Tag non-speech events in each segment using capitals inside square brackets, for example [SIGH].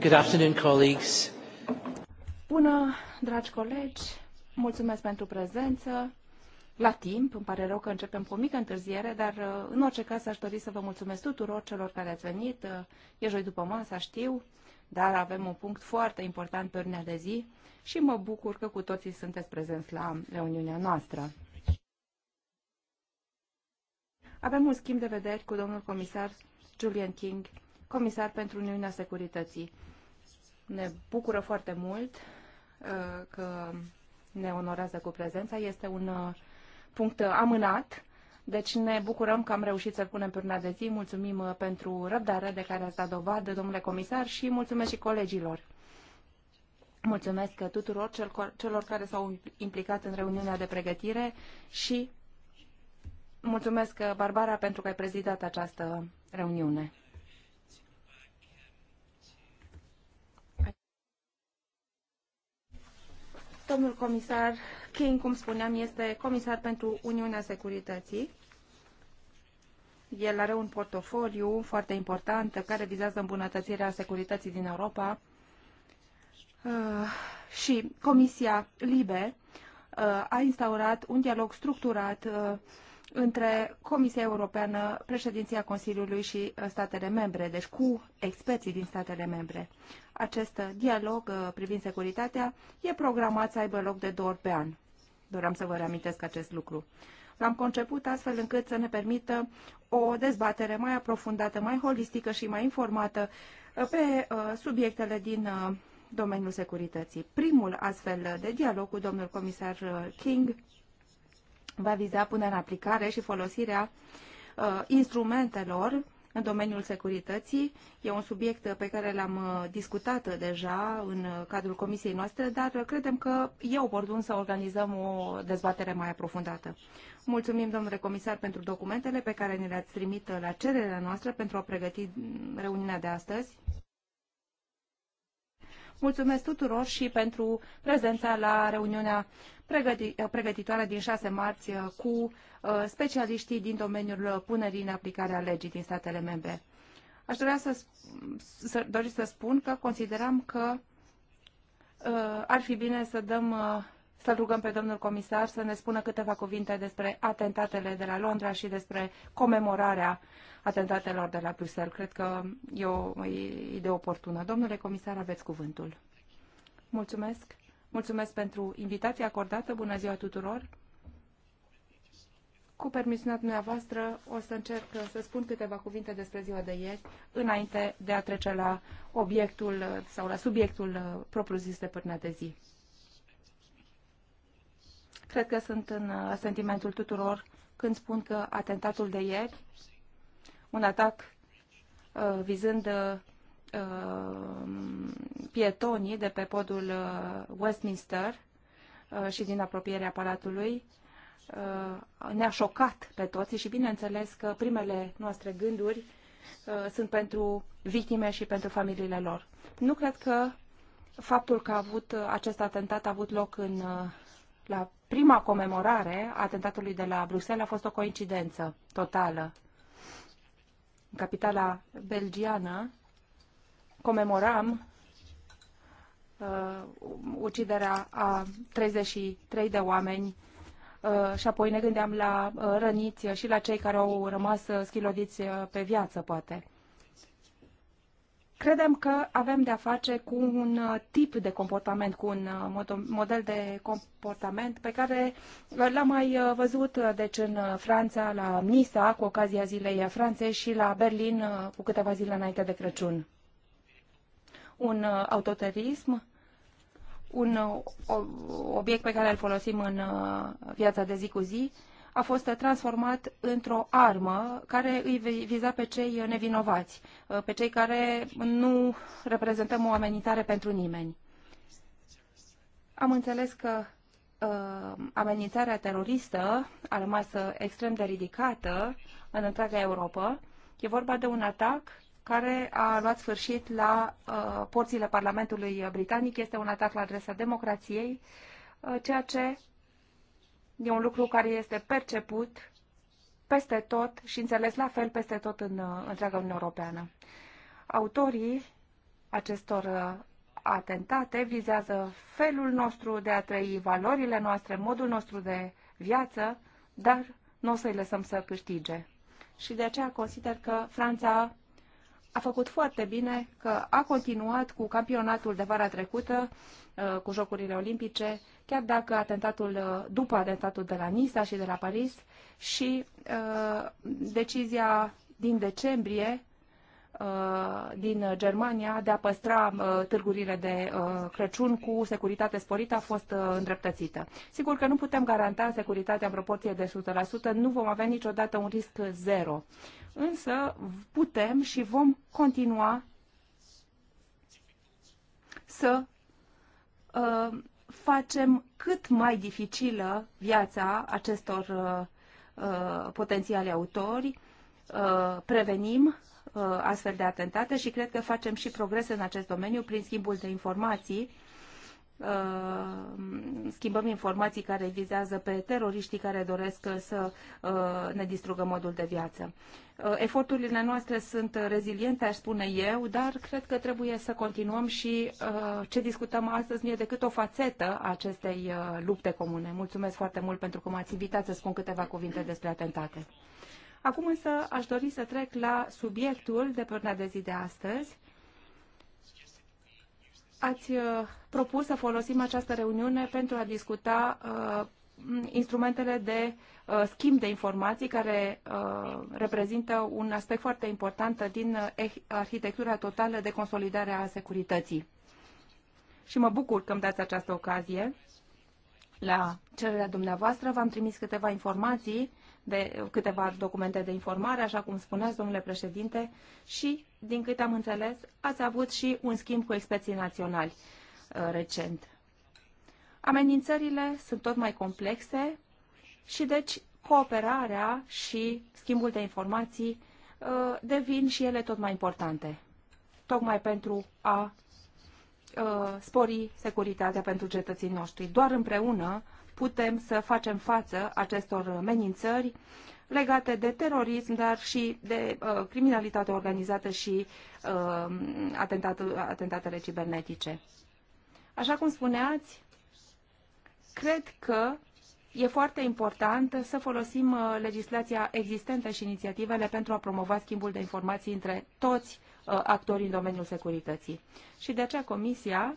Good afternoon, colleagues. Bună, dragi colegi. Mulțumesc pentru prezență. La timp, îmi pare rău că începem cu o mică întârziere, dar uh, în orice caz aș dori să vă mulțumesc tuturor celor care ați venit. Uh, e joi după masă, știu, dar avem un punct foarte important pe ordinea de zi și mă bucur că cu toții sunteți prezenți la reuniunea noastră. Avem un schimb de vederi cu domnul comisar Julian King comisar pentru Uniunea Securității. Ne bucură foarte mult uh, că ne onorează cu prezența. Este un uh, punct amânat, deci ne bucurăm că am reușit să-l punem pe urna de zi. Mulțumim uh, pentru răbdarea de care ați dat dovadă, domnule comisar, și mulțumesc și colegilor. Mulțumesc tuturor celor care s-au implicat în reuniunea de pregătire și mulțumesc, Barbara, pentru că ai prezidat această reuniune. Domnul comisar King, cum spuneam, este comisar pentru Uniunea Securității. El are un portofoliu foarte important care vizează îmbunătățirea securității din Europa. Uh, și Comisia LIBE uh, a instaurat un dialog structurat uh, între Comisia Europeană, președinția Consiliului și uh, statele membre, deci cu experții din statele membre. Acest uh, dialog uh, privind securitatea e programat să aibă loc de două ori pe an. Doream să vă reamintesc acest lucru. L-am conceput astfel încât să ne permită o dezbatere mai aprofundată, mai holistică și mai informată pe subiectele din domeniul securității. Primul astfel de dialog cu domnul comisar King va viza până în aplicare și folosirea uh, instrumentelor în domeniul securității. E un subiect pe care l-am uh, discutat deja în uh, cadrul comisiei noastre, dar credem că e oportun să organizăm o dezbatere mai aprofundată. Mulțumim, domnule comisar, pentru documentele pe care ne le-ați trimit la cererea noastră pentru a pregăti mm, reuniunea de astăzi. Mulțumesc tuturor și pentru prezența la reuniunea pregătitoare din 6 martie uh, cu uh, specialiștii din domeniul punerii în aplicare a legii din statele membre. Aș dorea să, să, dori să spun că considerăm că uh, ar fi bine să dăm să-l rugăm pe domnul comisar să ne spună câteva cuvinte despre atentatele de la Londra și despre comemorarea atentatelor de la Bruxelles. Cred că e o idee oportună. Domnule comisar, aveți cuvântul. Mulțumesc. Mulțumesc pentru invitația acordată. Bună ziua tuturor. Cu permisiunea dumneavoastră, o să încerc să spun câteva cuvinte despre ziua de ieri, înainte de a trece la obiectul sau la subiectul uh, propriu-zis de până de zi. Cred că sunt în uh, sentimentul tuturor când spun că atentatul de ieri, un atac uh, vizând uh, uh, pietonii de pe podul uh, Westminster uh, și din apropierea palatului, uh, ne-a șocat pe toți și bineînțeles că primele noastre gânduri uh, sunt pentru victime și pentru familiile lor. Nu cred că faptul că a avut uh, acest atentat a avut loc în, la prima comemorare a atentatului de la Bruxelles a fost o coincidență totală. În capitala belgiană comemoram uh, uciderea a 33 de oameni uh, și apoi ne gândeam la uh, răniți și la cei care au rămas uh, schilodiți uh, pe viață, poate. Credem că avem de-a face cu un uh, tip de comportament, cu un uh, model de comportament pe care l-am mai uh, văzut, deci în Franța, la Nisa, cu ocazia zilei Franței și la Berlin cu câteva zile înainte de Crăciun. Un autoterism, un obiect pe care îl folosim în viața de zi cu zi, a fost transformat într-o armă care îi viza pe cei nevinovați, uh, pe cei care nu reprezentăm o amenințare pentru nimeni. Am înțeles că uh, amenințarea teroristă a rămas uh, extrem de ridicată în întreaga Europa. E vorba de un atac care a luat sfârșit la uh, porțile Parlamentului Britanic. Este un atac la adresa democrației, uh, ceea ce E un lucru care este perceput peste tot și înțeles la fel peste tot în uh, întreaga Uniune Europeană. Autorii acestor uh, atentate vizează felul nostru de a trăi, valorile noastre, modul nostru de viață, dar nu o să-i lăsăm să câștige. Și de aceea consider că Franța a făcut foarte bine că a continuat cu campionatul de vara trecută, uh, cu Jocurile Olimpice, chiar dacă atentatul, uh, după atentatul de la Nisa și de la Paris și uh, decizia din decembrie din Germania de a păstra târgurile de Crăciun cu securitate sporită a fost îndreptățită. Sigur că nu putem garanta securitatea în proporție de 100%, nu vom avea niciodată un risc zero însă putem și vom continua să uh, facem cât mai dificilă viața acestor uh, uh potențiali autori, uh, prevenim uh, astfel de atentate și cred că facem și progrese în acest domeniu prin schimbul de informații Uh, schimbăm informații care vizează pe teroriștii care doresc să uh, ne distrugă modul de viață. Uh, eforturile noastre sunt reziliente, aș spune eu, dar cred că trebuie să continuăm și ce discutăm astăzi nu e decât o fațetă a acestei lupte comune. Mulțumesc foarte mult pentru că m-ați invitat să spun câteva cuvinte despre atentate. Acum însă aș dori să trec la subiectul de pe de zi de astăzi, ați uh, propus să folosim această reuniune pentru a discuta uh, instrumentele de uh, schimb de informații care reprezintă un aspect foarte important din arhitectura totală de consolidare a securității. Și mă bucur că îmi dați această ocazie. La cererea dumneavoastră v-am trimis câteva informații, de, câteva documente de informare, așa cum spuneați, domnule președinte, și din câte am înțeles, ați avut și un schimb cu experții naționali uh, recent. Amenințările sunt tot mai complexe și deci cooperarea și schimbul de informații uh, devin și ele tot mai importante, tocmai pentru a uh, spori securitatea pentru cetățenii noștri. Doar împreună putem să facem față acestor amenințări legate de terorism, dar și de uh, criminalitate organizată și uh, atentat, atentatele cibernetice. Așa cum spuneați, cred că e foarte important să folosim uh, legislația existentă și inițiativele pentru a promova schimbul de informații între toți uh, actorii în domeniul securității. Și de aceea Comisia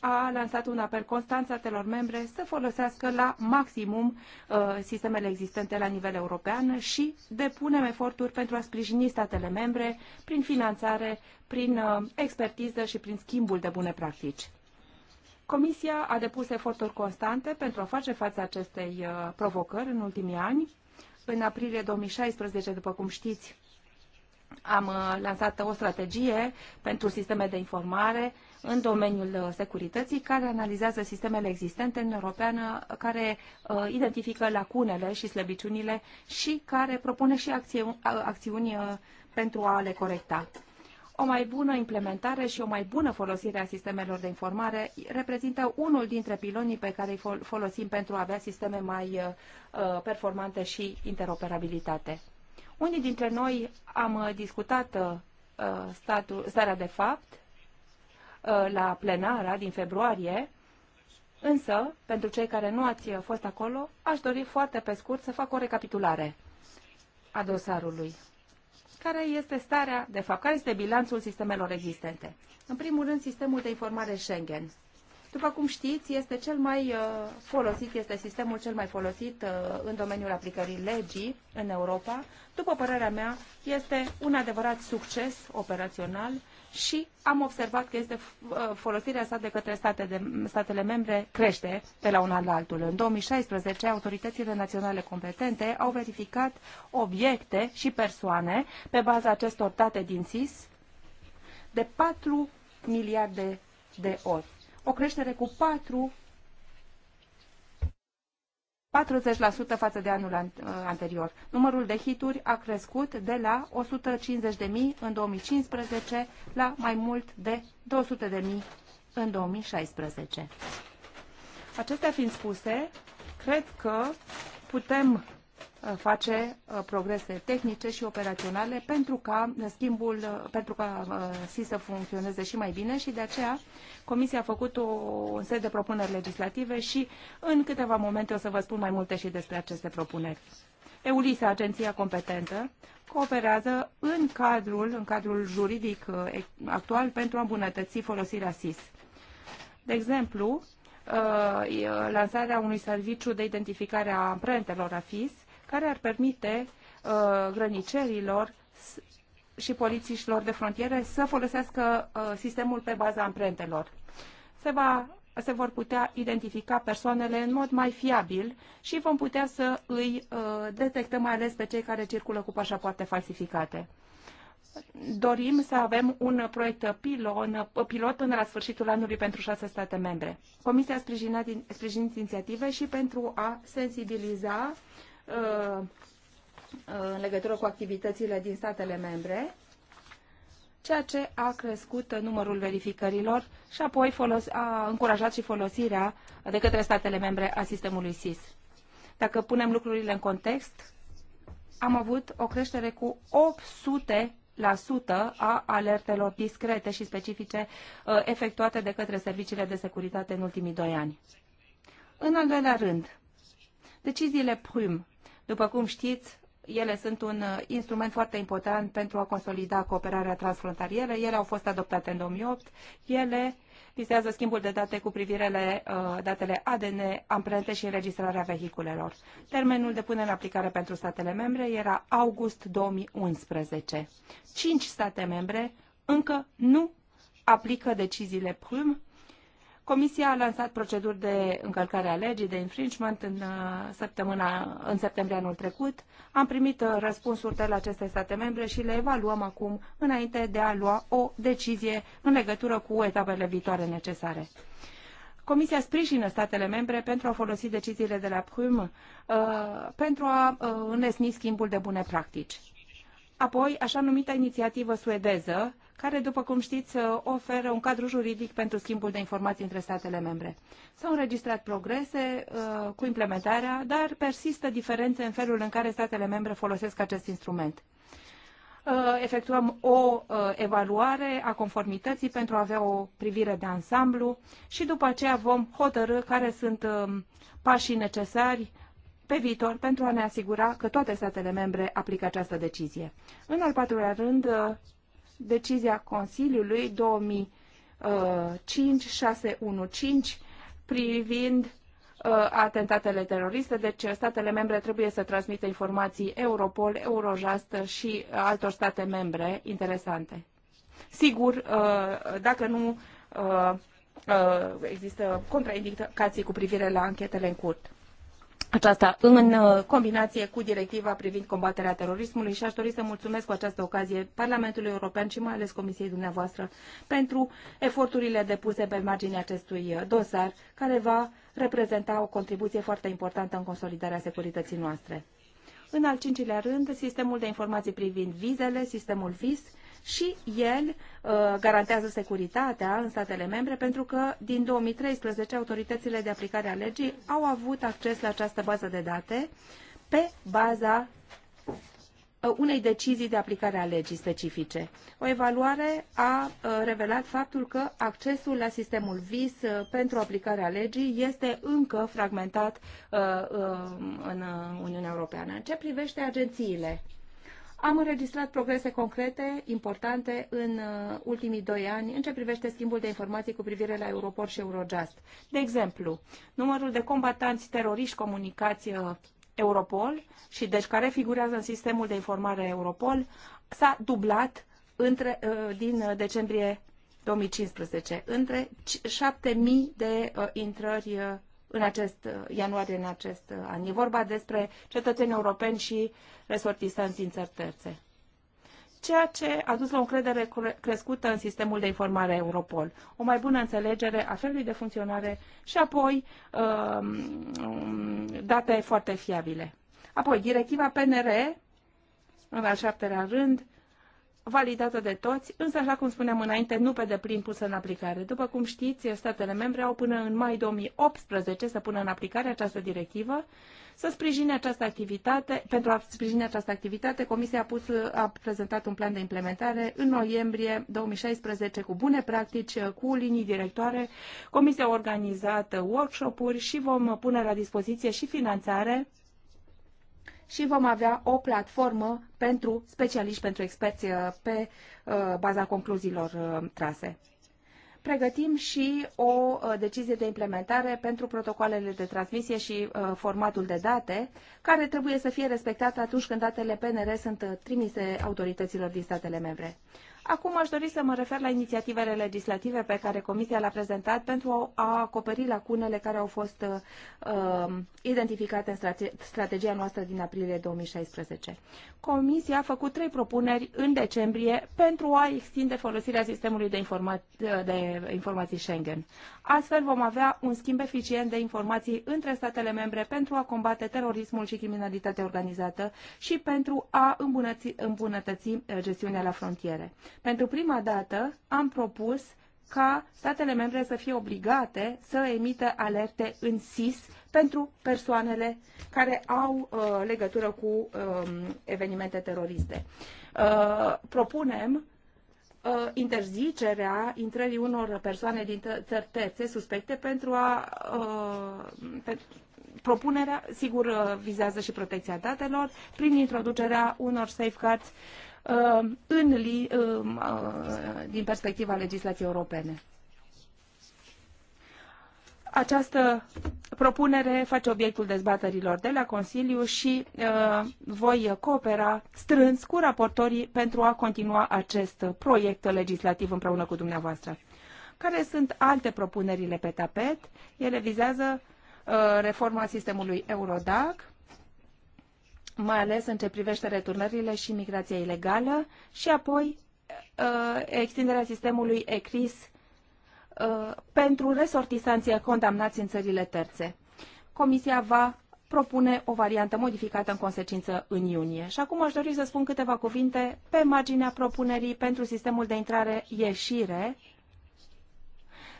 a lansat un apel constant statelor membre să folosească la maximum uh, sistemele existente la nivel european și depunem eforturi pentru a sprijini statele membre prin finanțare, prin uh, expertiză și prin schimbul de bune practici. Comisia a depus eforturi constante pentru a face față acestei uh, provocări în ultimii ani. În aprilie 2016, după cum știți, am uh, lansat o strategie pentru sisteme de informare în domeniul uh, securității, care analizează sistemele existente în Europeană, care uh, identifică lacunele și slăbiciunile și care propune și uh, acțiuni, acțiuni pentru a le corecta. O mai bună implementare și o mai bună folosire a sistemelor de informare reprezintă unul dintre pilonii pe care îi folosim pentru a avea sisteme mai performante și interoperabilitate. Unii dintre noi am discutat statul, starea de fapt Uh, la plenara din februarie, însă, pentru cei care nu ați fost acolo, aș dori foarte pe scurt să fac o recapitulare a dosarului. Care este starea, de fapt, care este bilanțul sistemelor existente? În primul rând, sistemul de informare Schengen. După cum știți, este cel mai uh, folosit, este sistemul cel mai folosit uh, în domeniul aplicării legii în Europa. După părerea mea, este un adevărat succes operațional și am observat că este uh, folosirea sa de către state de, statele membre crește de la un an la altul. În 2016, autoritățile naționale competente au verificat obiecte și persoane pe baza acestor date din SIS de 4 miliarde de ori. O creștere cu 4 40% față de anul uh, anterior. Numărul de hituri a crescut de la 150.000 în 2015 la mai mult de 200.000 în 2016. Acestea fiind spuse, cred că putem Uh, face uh, progrese tehnice și operaționale pentru ca schimbul, uh, pentru ca SI să funcționeze și mai bine și de aceea Comisia a făcut o, un set de propuneri legislative și în câteva momente o să vă spun mai multe și despre aceste propuneri. EULISA, agenția competentă, cooperează în cadrul, în cadrul juridic actual pentru a îmbunătăți folosirea SIS. De exemplu, lansarea unui serviciu de identificare a amprentelor a FIS, care ar permite uh, grănicerilor și polițiștilor de frontiere să folosească uh, sistemul pe baza amprentelor. Se, va, se vor putea identifica persoanele în mod mai fiabil și vom putea să îi uh, detectăm mai ales pe cei care circulă cu pașapoarte falsificate. Dorim să avem un proiect pilon, pilot până la sfârșitul anului pentru șase state membre. Comisia a sprijinit, sprijinit inițiative și pentru a sensibiliza uh, Uh, în legătură cu activitățile din statele membre, ceea ce a crescut numărul verificărilor și apoi folos, a încurajat și folosirea de către statele membre a sistemului SIS. Dacă punem lucrurile în context, am avut o creștere cu 800 sută a alertelor discrete și specifice uh, efectuate de către serviciile de securitate în ultimii doi ani. În al doilea rând, deciziile prim după cum știți, ele sunt un uh, instrument foarte important pentru a consolida cooperarea transfrontalieră. Ele au fost adoptate în 2008. Ele vizează schimbul de date cu privire la uh, datele ADN, amprente și înregistrarea vehiculelor. Termenul de punere în aplicare pentru statele membre era august 2011. Cinci state membre încă nu aplică deciziile PRUM Comisia a lansat proceduri de încălcare a legii, de infringement în, uh, săptămâna, în septembrie anul trecut. Am primit uh, răspunsuri de la aceste state membre și le evaluăm acum înainte de a lua o decizie în legătură cu etapele viitoare necesare. Comisia sprijină statele membre pentru a folosi deciziile de la PRUM uh, pentru a uh, înlesni schimbul de bune practici. Apoi, așa numită inițiativă suedeză, uh, care, după cum știți, oferă un cadru juridic pentru schimbul de informații între statele membre. S-au înregistrat progrese uh, cu implementarea, dar persistă diferențe în felul în care statele membre folosesc acest instrument uh, efectuăm o uh, evaluare a conformității pentru a avea o privire de ansamblu și după aceea vom hotărâ care sunt um, pașii necesari pe viitor pentru a ne asigura că toate statele membre aplică această decizie. În al patrulea rând, uh, decizia Consiliului 2005-615 uh, privind uh, atentatele teroriste, deci uh, statele membre trebuie să transmită informații Europol, Eurojust și altor state membre interesante. Sigur, dacă nu există contraindicații cu privire la anchetele în curte aceasta în uh, combinație cu directiva privind combaterea terorismului și aș dori să mulțumesc cu această ocazie Parlamentului European și mai ales Comisiei dumneavoastră pentru eforturile depuse pe marginea acestui uh, dosar, care va reprezenta o contribuție foarte importantă în consolidarea securității noastre. În al cincilea rând, sistemul de informații privind vizele, sistemul VIS, și el uh, garantează securitatea în statele membre pentru că din 2013 autoritățile de aplicare a legii au avut acces la această bază de date pe baza uh, unei decizii de aplicare a legii specifice. O evaluare a uh, revelat faptul că accesul la sistemul VIS uh, pentru aplicarea legii este încă fragmentat în Uniunea Europeană. În ce privește agențiile? Am înregistrat progrese concrete, importante, în uh, ultimii doi ani în ce privește schimbul de informații cu privire la Europol și Eurojust. De exemplu, numărul de combatanți teroriști comunicați uh, Europol și deci care figurează în sistemul de informare Europol s-a dublat între, uh, din decembrie 2015, între 7.000 de intrări în acest uh, ianuarie în acest uh, an. E vorba despre cetățeni europeni și resortisanți din țări terțe ceea ce a dus la o încredere crescută în sistemul de informare Europol, o mai bună înțelegere a felului de funcționare și apoi um, um, date foarte fiabile. Apoi, directiva PNR, în al șaptelea rând, validată de toți, însă, așa cum spuneam înainte, nu pe deplin pusă în aplicare. După cum știți, statele membre au până în mai 2018 să pună în aplicare această directivă, să sprijine această activitate. Pentru a sprijini această activitate, Comisia a, pus, a prezentat un plan de implementare în noiembrie 2016 cu bune practici, cu linii directoare. Comisia a organizat workshop-uri și vom pune la dispoziție și finanțare și vom avea o platformă pentru specialiști, pentru experți uh, pe uh, baza concluziilor uh, trase. Pregătim și o decizie de implementare pentru protocoalele de transmisie și formatul de date, care trebuie să fie respectat atunci când datele PNR sunt trimise autorităților din statele membre. Acum aș dori să mă refer la inițiativele legislative pe care Comisia le-a prezentat pentru a acoperi lacunele care au fost uh, identificate în strate strategia noastră din aprilie 2016. Comisia a făcut trei propuneri în decembrie pentru a extinde folosirea sistemului de, informa- de informații Schengen. Astfel vom avea un schimb eficient de informații între statele membre pentru a combate terorismul și criminalitatea organizată și pentru a îmbunătăți, îmbunătăți uh, gestiunea la frontiere. Pentru prima dată am propus ca statele membre să fie obligate să emită alerte în SIS pentru persoanele care au uh, legătură cu uh, evenimente teroriste. Uh, propunem uh, interzicerea intrării unor persoane din țări terțe suspecte pentru a uh, pe, propunerea, sigur, uh, vizează și protecția datelor prin introducerea unor safeguards uh, Uh, în li, um, uh, din perspectiva legislației europene. Această propunere face obiectul dezbaterilor de la Consiliu și uh, voi coopera strâns cu raportorii pentru a continua acest proiect legislativ împreună cu dumneavoastră. Care sunt alte propunerile pe tapet? Ele vizează uh, reforma sistemului Eurodac, mai ales în ce privește returnările și migrația ilegală și apoi uh, extinderea sistemului ECRIS uh, pentru resortisanții condamnați în țările terțe. Comisia va propune o variantă modificată în consecință în iunie. Și acum aș dori să spun câteva cuvinte pe marginea propunerii pentru sistemul de intrare-ieșire,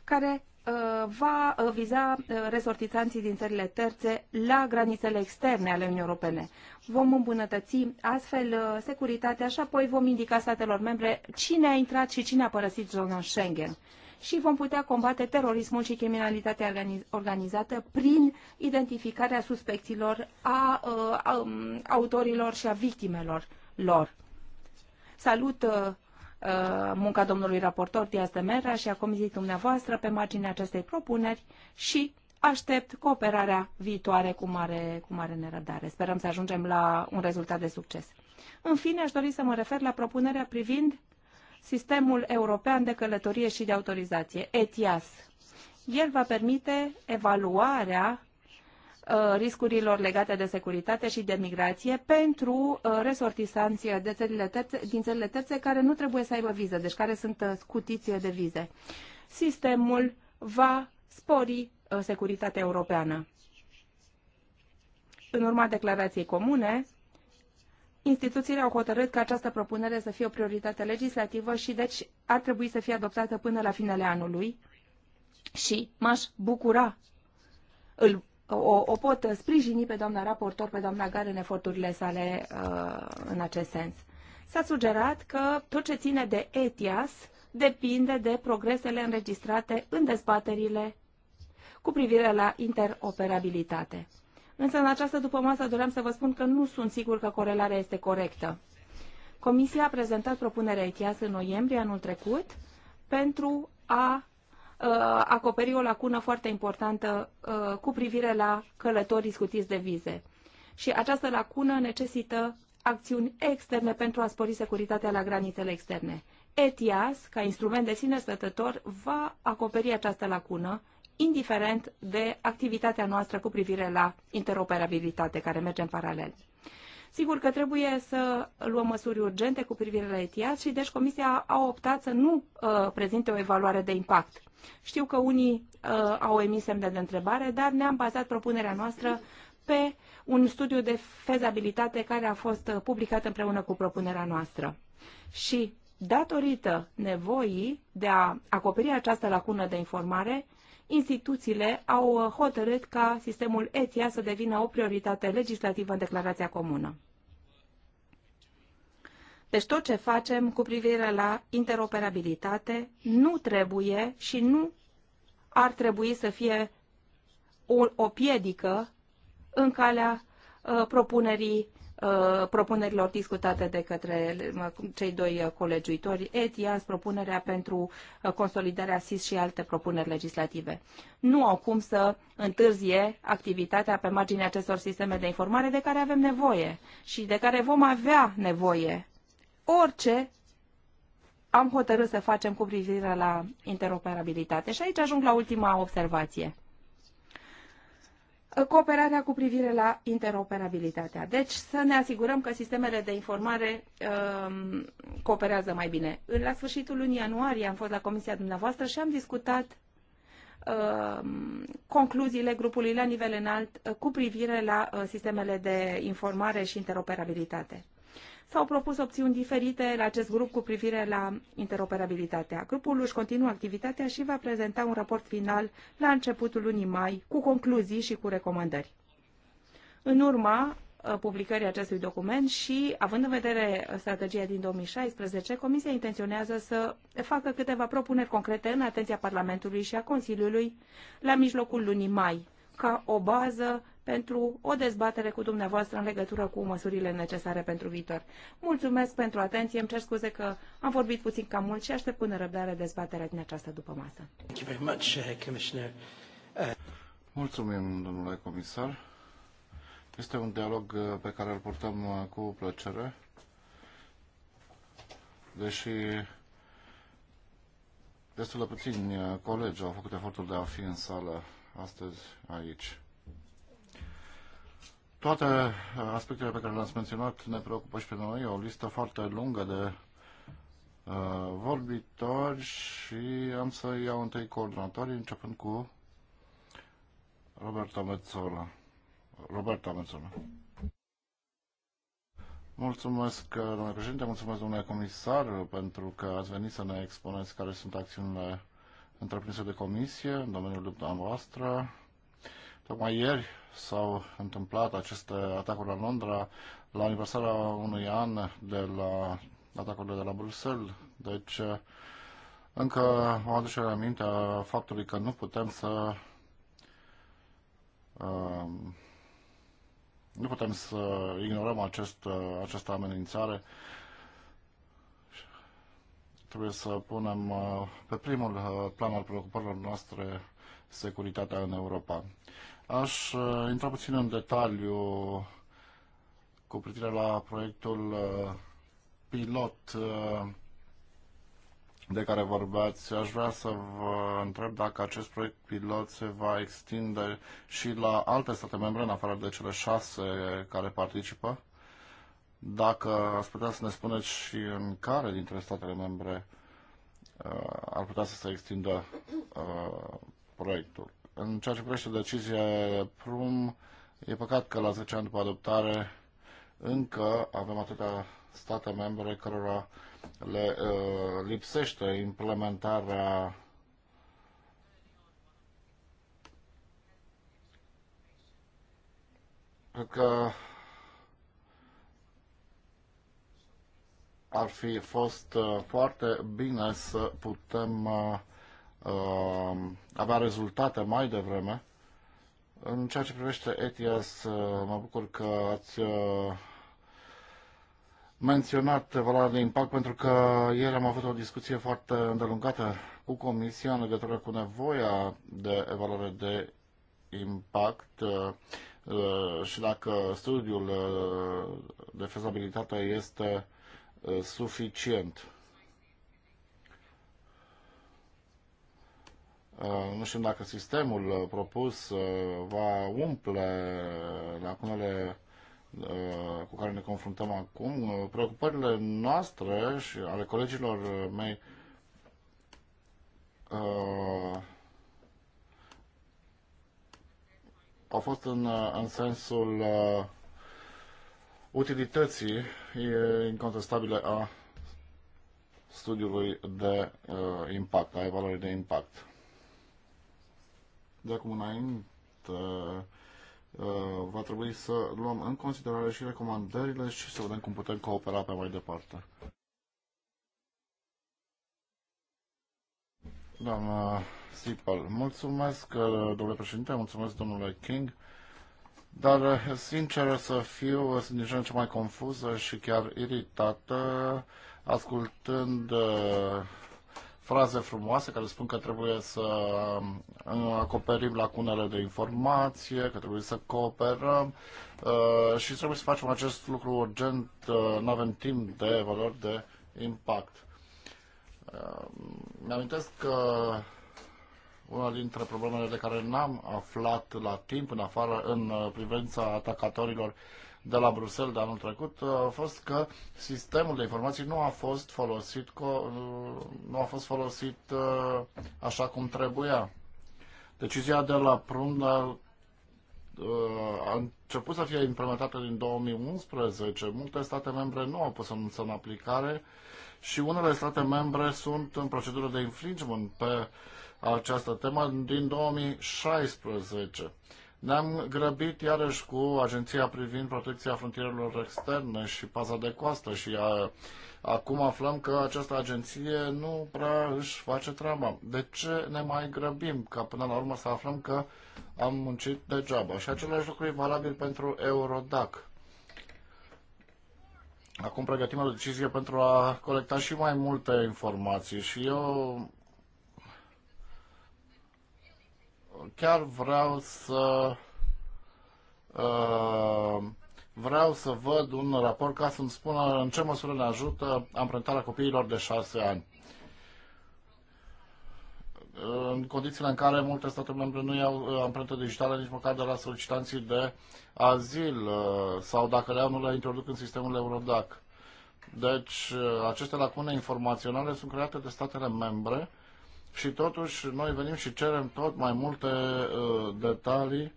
care Uh, va uh, viza uh, resortizanții din țările terțe la granițele externe ale Uniunii Europene. Vom îmbunătăți astfel securitatea și apoi vom indica statelor membre cine a intrat și cine a părăsit zona Schengen și vom putea combate terorismul și criminalitatea organizată prin identificarea suspecților, a, a, a um, autorilor și a victimelor lor. Salut Uh, munca domnului raportor TIAS de Mera și a comisiei dumneavoastră pe marginea acestei propuneri și aștept cooperarea viitoare cu mare, cu mare nerăbdare. Sperăm să ajungem la un rezultat de succes. În fine, aș dori să mă refer la propunerea privind Sistemul European de Călătorie și de Autorizație, ETIAS. El va permite evaluarea Uh, riscurilor legate de securitate și de migrație pentru uh, resortisanți de țările terțe, din țările terțe care nu trebuie să aibă viză, deci care sunt uh, scutiți de vize. Sistemul va spori securitatea europeană. În urma declarației comune, instituțiile au hotărât că această propunere să fie o prioritate legislativă și deci ar trebui să fie adoptată până la finele anului și m-aș bucura îl o, o pot sprijini pe doamna raportor, pe doamna Gar în eforturile sale uh, în acest sens. S-a sugerat că tot ce ține de ETIAS depinde de progresele înregistrate în dezbaterile cu privire la interoperabilitate. Însă în această dupămasă doream să vă spun că nu sunt sigur că corelarea este corectă. Comisia a prezentat propunerea ETIAS în noiembrie anul trecut pentru a Uh, acoperi o lacună foarte importantă uh, cu privire la călătorii scutiți de vize. Și această lacună necesită acțiuni externe pentru a spori securitatea la granițele externe. ETIAS, ca instrument de sine stătător, va acoperi această lacună, indiferent de activitatea noastră cu privire la interoperabilitate, care merge în paralel. Sigur că trebuie să luăm măsuri urgente cu privire la ETIAS și deci Comisia a optat să nu uh, prezinte o evaluare de impact. Știu că unii uh, au emis semne de întrebare, dar ne-am bazat propunerea noastră pe un studiu de fezabilitate care a fost uh, publicat împreună cu propunerea noastră. Și datorită nevoii de a acoperi această lacună de informare, instituțiile au uh, hotărât ca sistemul ETIA să devină o prioritate legislativă în declarația comună. Deci tot ce facem cu privire la interoperabilitate nu trebuie și nu ar trebui să fie o, o piedică în calea uh, propunerii uh, propunerilor discutate de către uh, cei doi uh, colegiuitori, ETIAS, propunerea pentru consolidarea SIS și alte propuneri legislative. Nu au cum să întârzie activitatea pe marginea acestor sisteme de informare de care avem nevoie și de care vom avea nevoie orice am hotărât să facem cu privire la interoperabilitate. Și aici ajung la ultima observație. Cooperarea cu privire la interoperabilitatea. Deci să ne asigurăm că sistemele de informare um, cooperează mai bine. În La sfârșitul lunii ianuarie am fost la comisia dumneavoastră și am discutat um, concluziile grupului la nivel înalt uh, cu privire la uh, sistemele de informare și interoperabilitate. S-au propus opțiuni diferite la acest grup cu privire la interoperabilitatea. Grupul își continuă activitatea și va prezenta un raport final la începutul lunii mai, cu concluzii și cu recomandări. În urma uh, publicării acestui document și, având în vedere strategia din 2016, Comisia intenționează să facă câteva propuneri concrete în atenția Parlamentului și a Consiliului la mijlocul lunii mai, ca o bază pentru o dezbatere cu dumneavoastră în legătură cu măsurile necesare pentru viitor. Mulțumesc pentru atenție, îmi cer scuze că am vorbit puțin cam mult și aștept cu nerăbdare dezbaterea din această după masă. Uh, uh, Mulțumim, domnule comisar. Este un dialog uh, pe care îl purtăm cu plăcere, deși destul de puțini colegi au făcut efortul de a fi în sală astăzi aici. Toate uh, aspectele pe care le-ați menționat ne preocupă și pe noi. O listă foarte lungă de uh, vorbitori și am să iau întâi coordonatorii, începând cu Roberto Mezzola. Roberto Mezzola. Mulțumesc, uh, domnule președinte, mulțumesc, domnule comisar, pentru că ați venit să ne expuneți care sunt acțiunile întreprinse de comisie în domeniul dumneavoastră. Tocmai ieri s-au întâmplat aceste atacuri la Londra la aniversarea unui an de la atacurile de la Bruxelles. Deci, încă o aducere aminte a faptului că nu putem să uh, nu putem să ignorăm acest, uh, această amenințare. Trebuie să punem uh, pe primul uh, plan al preocupărilor noastre securitatea în Europa. Aș uh, intra puțin în detaliu cu privire la proiectul uh, pilot uh, de care vorbeați. Aș vrea să vă întreb dacă acest proiect pilot se va extinde și la alte state membre, în afară de cele șase care participă. Dacă ați putea să ne spuneți și în care dintre statele membre ar putea să se extindă proiectul. În ceea ce privește decizia PRUM, e păcat că la 10 ani după adoptare încă avem atâtea state membre cărora le uh, lipsește implementarea Cred că ar fi fost uh, foarte bine să putem uh, uh, avea rezultate mai devreme. În ceea ce privește ETIAS, uh, mă bucur că ați uh, menționat valoarea de impact pentru că ieri am avut o discuție foarte îndelungată cu Comisia în legătură cu nevoia de evaluare de impact uh, uh, și dacă studiul uh, de fezabilitate este suficient. Uh, nu știu dacă sistemul uh, propus uh, va umple lacunele cu care ne confruntăm acum. Preocupările noastre și ale colegilor mei au fost în, în sensul utilității incontestabile a studiului de uh, impact, a evaluării de impact de acum înainte uh, va trebui să luăm în considerare și recomandările și să vedem cum putem coopera pe mai departe. Doamna Sipal, mulțumesc, uh, domnule președinte, mulțumesc, domnule King, dar, uh, sincer să fiu, sunt din ce în ce mai confuză și chiar iritată ascultând fraze frumoase care spun că trebuie să um, acoperim lacunele de informație, că trebuie să cooperăm uh, și trebuie să facem acest lucru urgent, uh, nu avem timp de valori de impact. Uh, mi-amintesc că una dintre problemele de care n-am aflat la timp în afară în privința atacatorilor de la Bruxelles de anul trecut uh, a fost că sistemul de informații nu a fost folosit, uh, nu a fost folosit uh, așa cum trebuia. Decizia de la Prum a început să fie implementată din 2011. Multe state membre nu au pus însă în aplicare și unele state membre sunt în procedură de infringement pe această temă din 2016. Ne-am grăbit iarăși cu Agenția privind protecția frontierelor externe și paza de coastă și a, acum aflăm că această agenție nu prea își face treaba. De ce ne mai grăbim? Ca până la urmă să aflăm că am muncit degeaba. Și același lucru e valabil pentru Eurodac. Acum pregătim o decizie pentru a colecta și mai multe informații și eu chiar vreau să uh, vreau să văd un raport ca să-mi spună în ce măsură ne ajută amprentarea copiilor de șase ani. În condițiile în care multe state membre nu iau uh, amprentă digitală nici măcar de la solicitanții de azil uh, sau dacă le iau nu le introduc în sistemul Eurodac. Deci uh, aceste lacune informaționale sunt create de statele membre și totuși noi venim și cerem tot mai multe uh, detalii.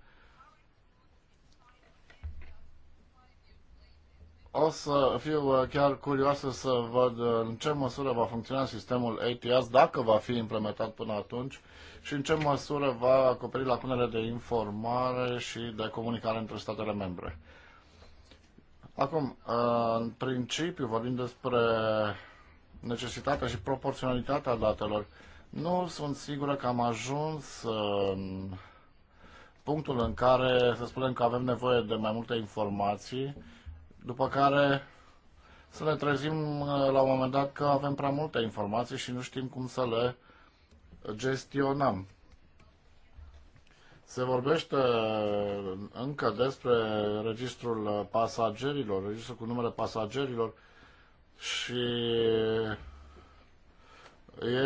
O să fiu uh, chiar curioasă să văd uh, în ce măsură va funcționa sistemul ATS, dacă va fi implementat până atunci și în ce măsură va acoperi lacunele de informare și de comunicare între statele membre. Acum, uh, în principiu, vorbim despre necesitatea și proporționalitatea datelor. Nu sunt sigură că am ajuns în um, punctul în care să spunem că avem nevoie de mai multe informații, după care să ne trezim uh, la un moment dat că avem prea multe informații și nu știm cum să le gestionăm. Se vorbește uh, încă despre registrul pasagerilor, registrul cu numele pasagerilor și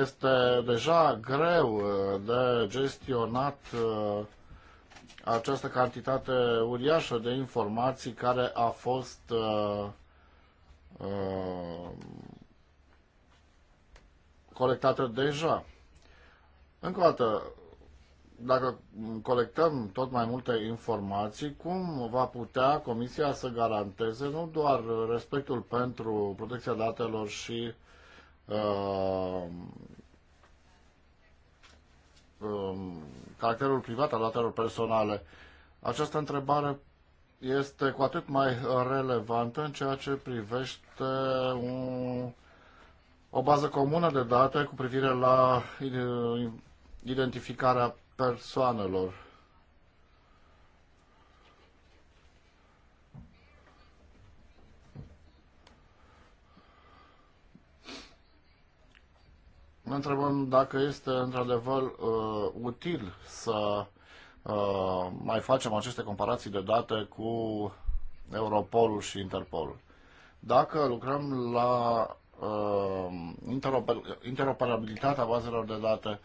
este deja greu uh, de gestionat uh, această cantitate uriașă de informații care a fost uh, uh, colectată deja. Încă o dată, dacă colectăm tot mai multe informații, cum va putea Comisia să garanteze nu doar respectul pentru protecția datelor și uh, Ehm, ehm, caracterul privat al datelor personale. Această întrebare este cu atât mai relevantă în ceea ce privește un, o bază comună de date cu privire la uh, identificarea persoanelor. ne întrebăm dacă este într-adevăr uh, util să uh, mai facem aceste comparații de date cu Europolul și Interpolul. Dacă lucrăm la uh, interoperabilitatea bazelor de date,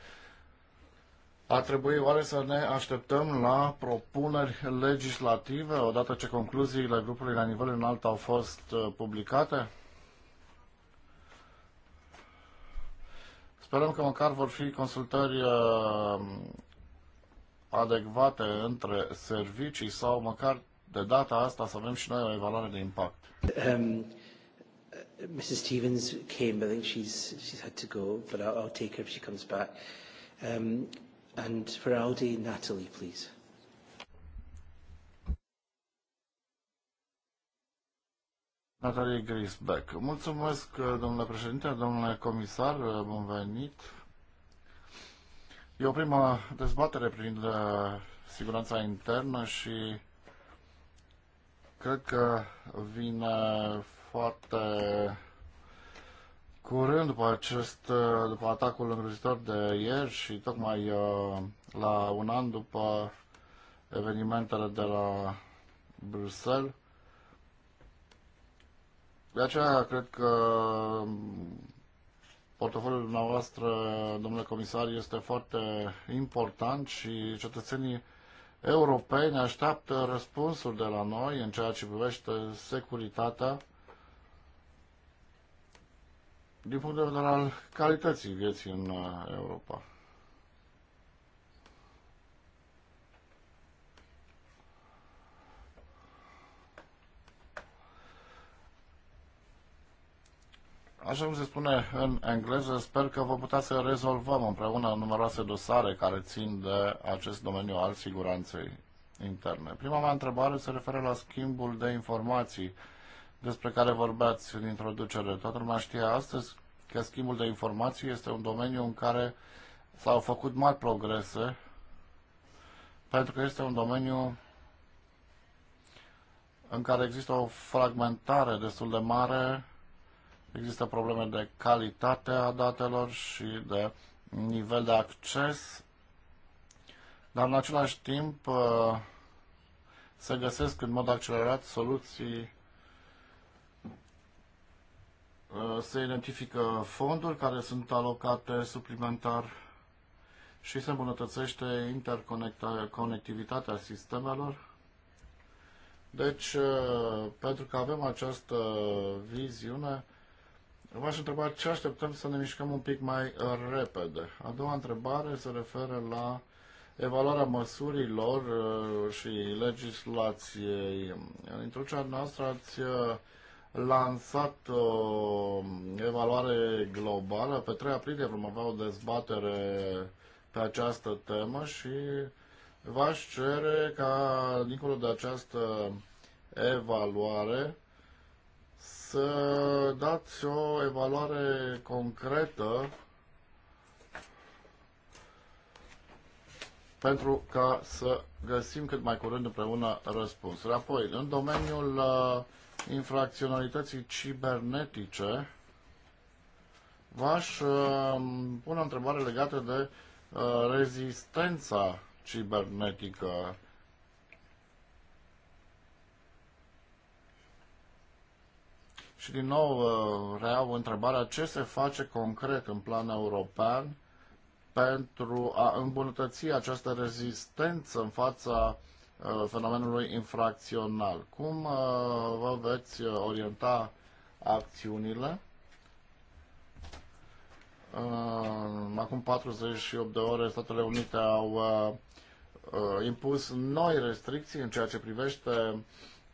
ar trebui oare să ne așteptăm la propuneri legislative odată ce concluziile grupului la nivel înalt au fost uh, publicate? Sperăm că măcar vor fi consultări uh, adecvate între servicii sau măcar de data asta să avem și noi o evaluare de impact. Um, uh, Mrs. Stevens came, I think she's, she's had to go, but I'll, I'll take her if she comes back. Um, and for Aldi, Natalie, please. Natalie Grisbeck. Mulțumesc, domnule președinte, domnule comisar, bun venit. E o primă dezbatere prin uh, siguranța internă și cred că vine foarte curând după acest, uh, după atacul îngrozitor de ieri și tocmai uh, la un an după evenimentele de la Bruxelles. De aceea cred că mm, portofoliul dumneavoastră, domnule comisar, este foarte important și cetățenii europeni așteaptă răspunsuri de la noi în ceea ce privește securitatea din punct de vedere al calității vieții în uh, Europa. Așa cum se spune în engleză, sper că vă putea să rezolvăm împreună numeroase dosare care țin de acest domeniu al siguranței interne. Prima mea întrebare se referă la schimbul de informații despre care vorbeați în introducere. Toată lumea știe astăzi că schimbul de informații este un domeniu în care s-au făcut mari progrese pentru că este un domeniu în care există o fragmentare destul de mare Există probleme de calitate a datelor și de nivel de acces, dar în același timp uh, se găsesc în mod accelerat soluții uh, se identifică fonduri care sunt alocate suplimentar și se îmbunătățește interconectivitatea sistemelor. Deci, uh, pentru că avem această viziune, V-aș întreba ce așteptăm să ne mișcăm un pic mai uh, repede. A doua întrebare se referă la evaluarea măsurilor uh, și legislației. În introducerea noastră ați uh, lansat o evaluare globală. Pe 3 aprilie vom avea o dezbatere pe această temă și v-aș cere ca, dincolo de această evaluare, să dați o evaluare concretă pentru ca să găsim cât mai curând împreună răspunsuri. Apoi, în domeniul uh, infracționalității cibernetice, v-aș uh, pune o întrebare legată de uh, rezistența cibernetică Și din nou reau întrebarea ce se face concret în plan european pentru a îmbunătăți această rezistență în fața uh, fenomenului infracțional. Cum uh, vă veți uh, orienta acțiunile? Acum 48 de ore Statele Unite au impus noi restricții în ceea ce privește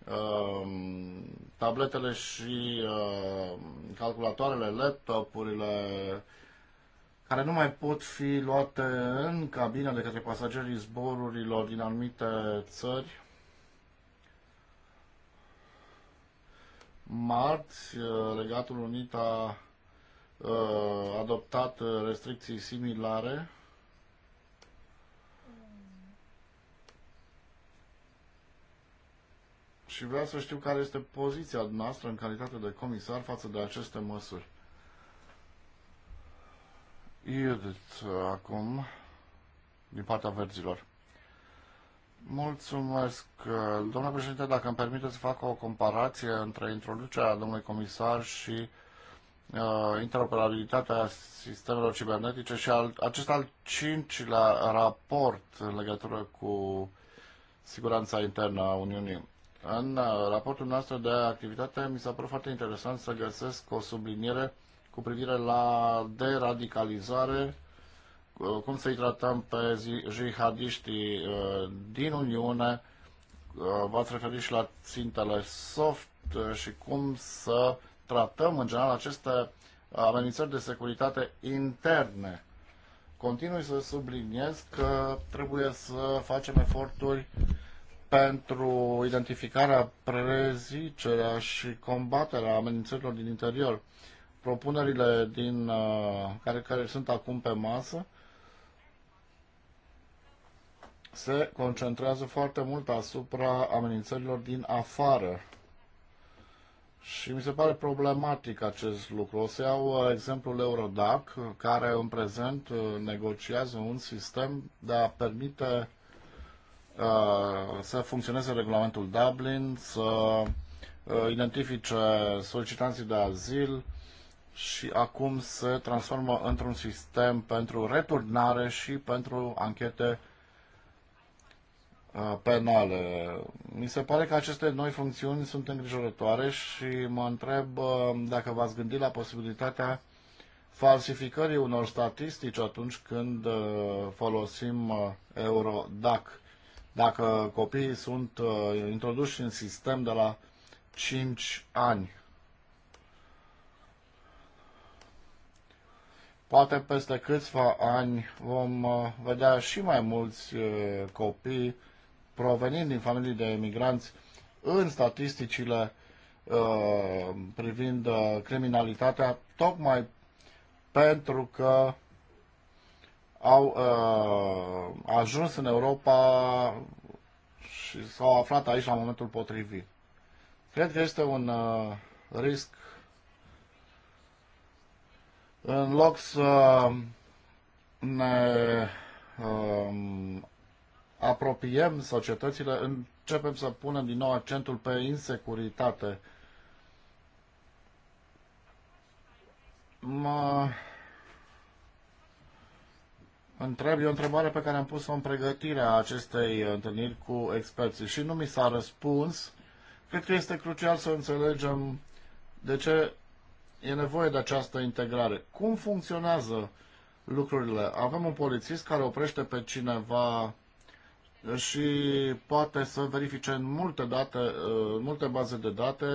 Ehm, tabletele și ehm, calculatoarele, laptopurile care nu mai pot fi luate în cabină de către pasagerii zborurilor din anumite țări. Marți, eh, Regatul Unit a eh, adoptat restricții similare și vreau să știu care este poziția noastră în calitate de comisar față de aceste măsuri. Iudit acum din partea verzilor. Mulțumesc. Domnule președinte, dacă îmi permite să fac o comparație între introducerea domnului comisar și uh, interoperabilitatea sistemelor cibernetice și al, acest al cincilea raport în legătură cu siguranța internă a Uniunii. În uh, raportul nostru de activitate mi s-a părut foarte interesant să găsesc o subliniere cu privire la deradicalizare, uh, cum să-i tratăm pe jihadiștii uh, din Uniune, v-ați referit și la țintele soft și cum să tratăm în general aceste amenințări de securitate interne. Continui să subliniez că trebuie să facem eforturi pentru identificarea, prezicerea și combaterea amenințărilor din interior. Propunerile din, uh, care, care sunt acum pe masă se concentrează foarte mult asupra amenințărilor din afară. Și mi se pare problematic acest lucru. O să iau uh, exemplul Eurodac, care în prezent uh, negociază un sistem de a permite Uh, să funcționeze regulamentul Dublin, să uh, identifice solicitanții de azil și acum se transformă într-un sistem pentru returnare și pentru anchete uh, penale. Mi se pare că aceste noi funcțiuni sunt îngrijorătoare și mă întreb dacă v-ați gândit la posibilitatea falsificării unor statistici atunci când folosim Eurodac dacă copiii sunt uh, introduși în sistem de la 5 ani. Poate peste câțiva ani vom uh, vedea și mai mulți uh, copii provenind din familii de emigranți în statisticile privind criminalitatea, tocmai pentru că au uh, ajuns în Europa și s-au aflat aici la momentul potrivit. Cred că este un uh, risc în loc să ne um, uh, apropiem societățile, începem să punem din nou accentul pe insecuritate. Mă întreb, e o întrebare pe care am pus-o în pregătirea acestei întâlniri cu experții și nu mi s-a răspuns. Cred că este crucial să înțelegem de ce e nevoie de această integrare. Cum funcționează lucrurile? Avem un polițist care oprește pe cineva și poate să verifice în multe, date, în multe baze de date,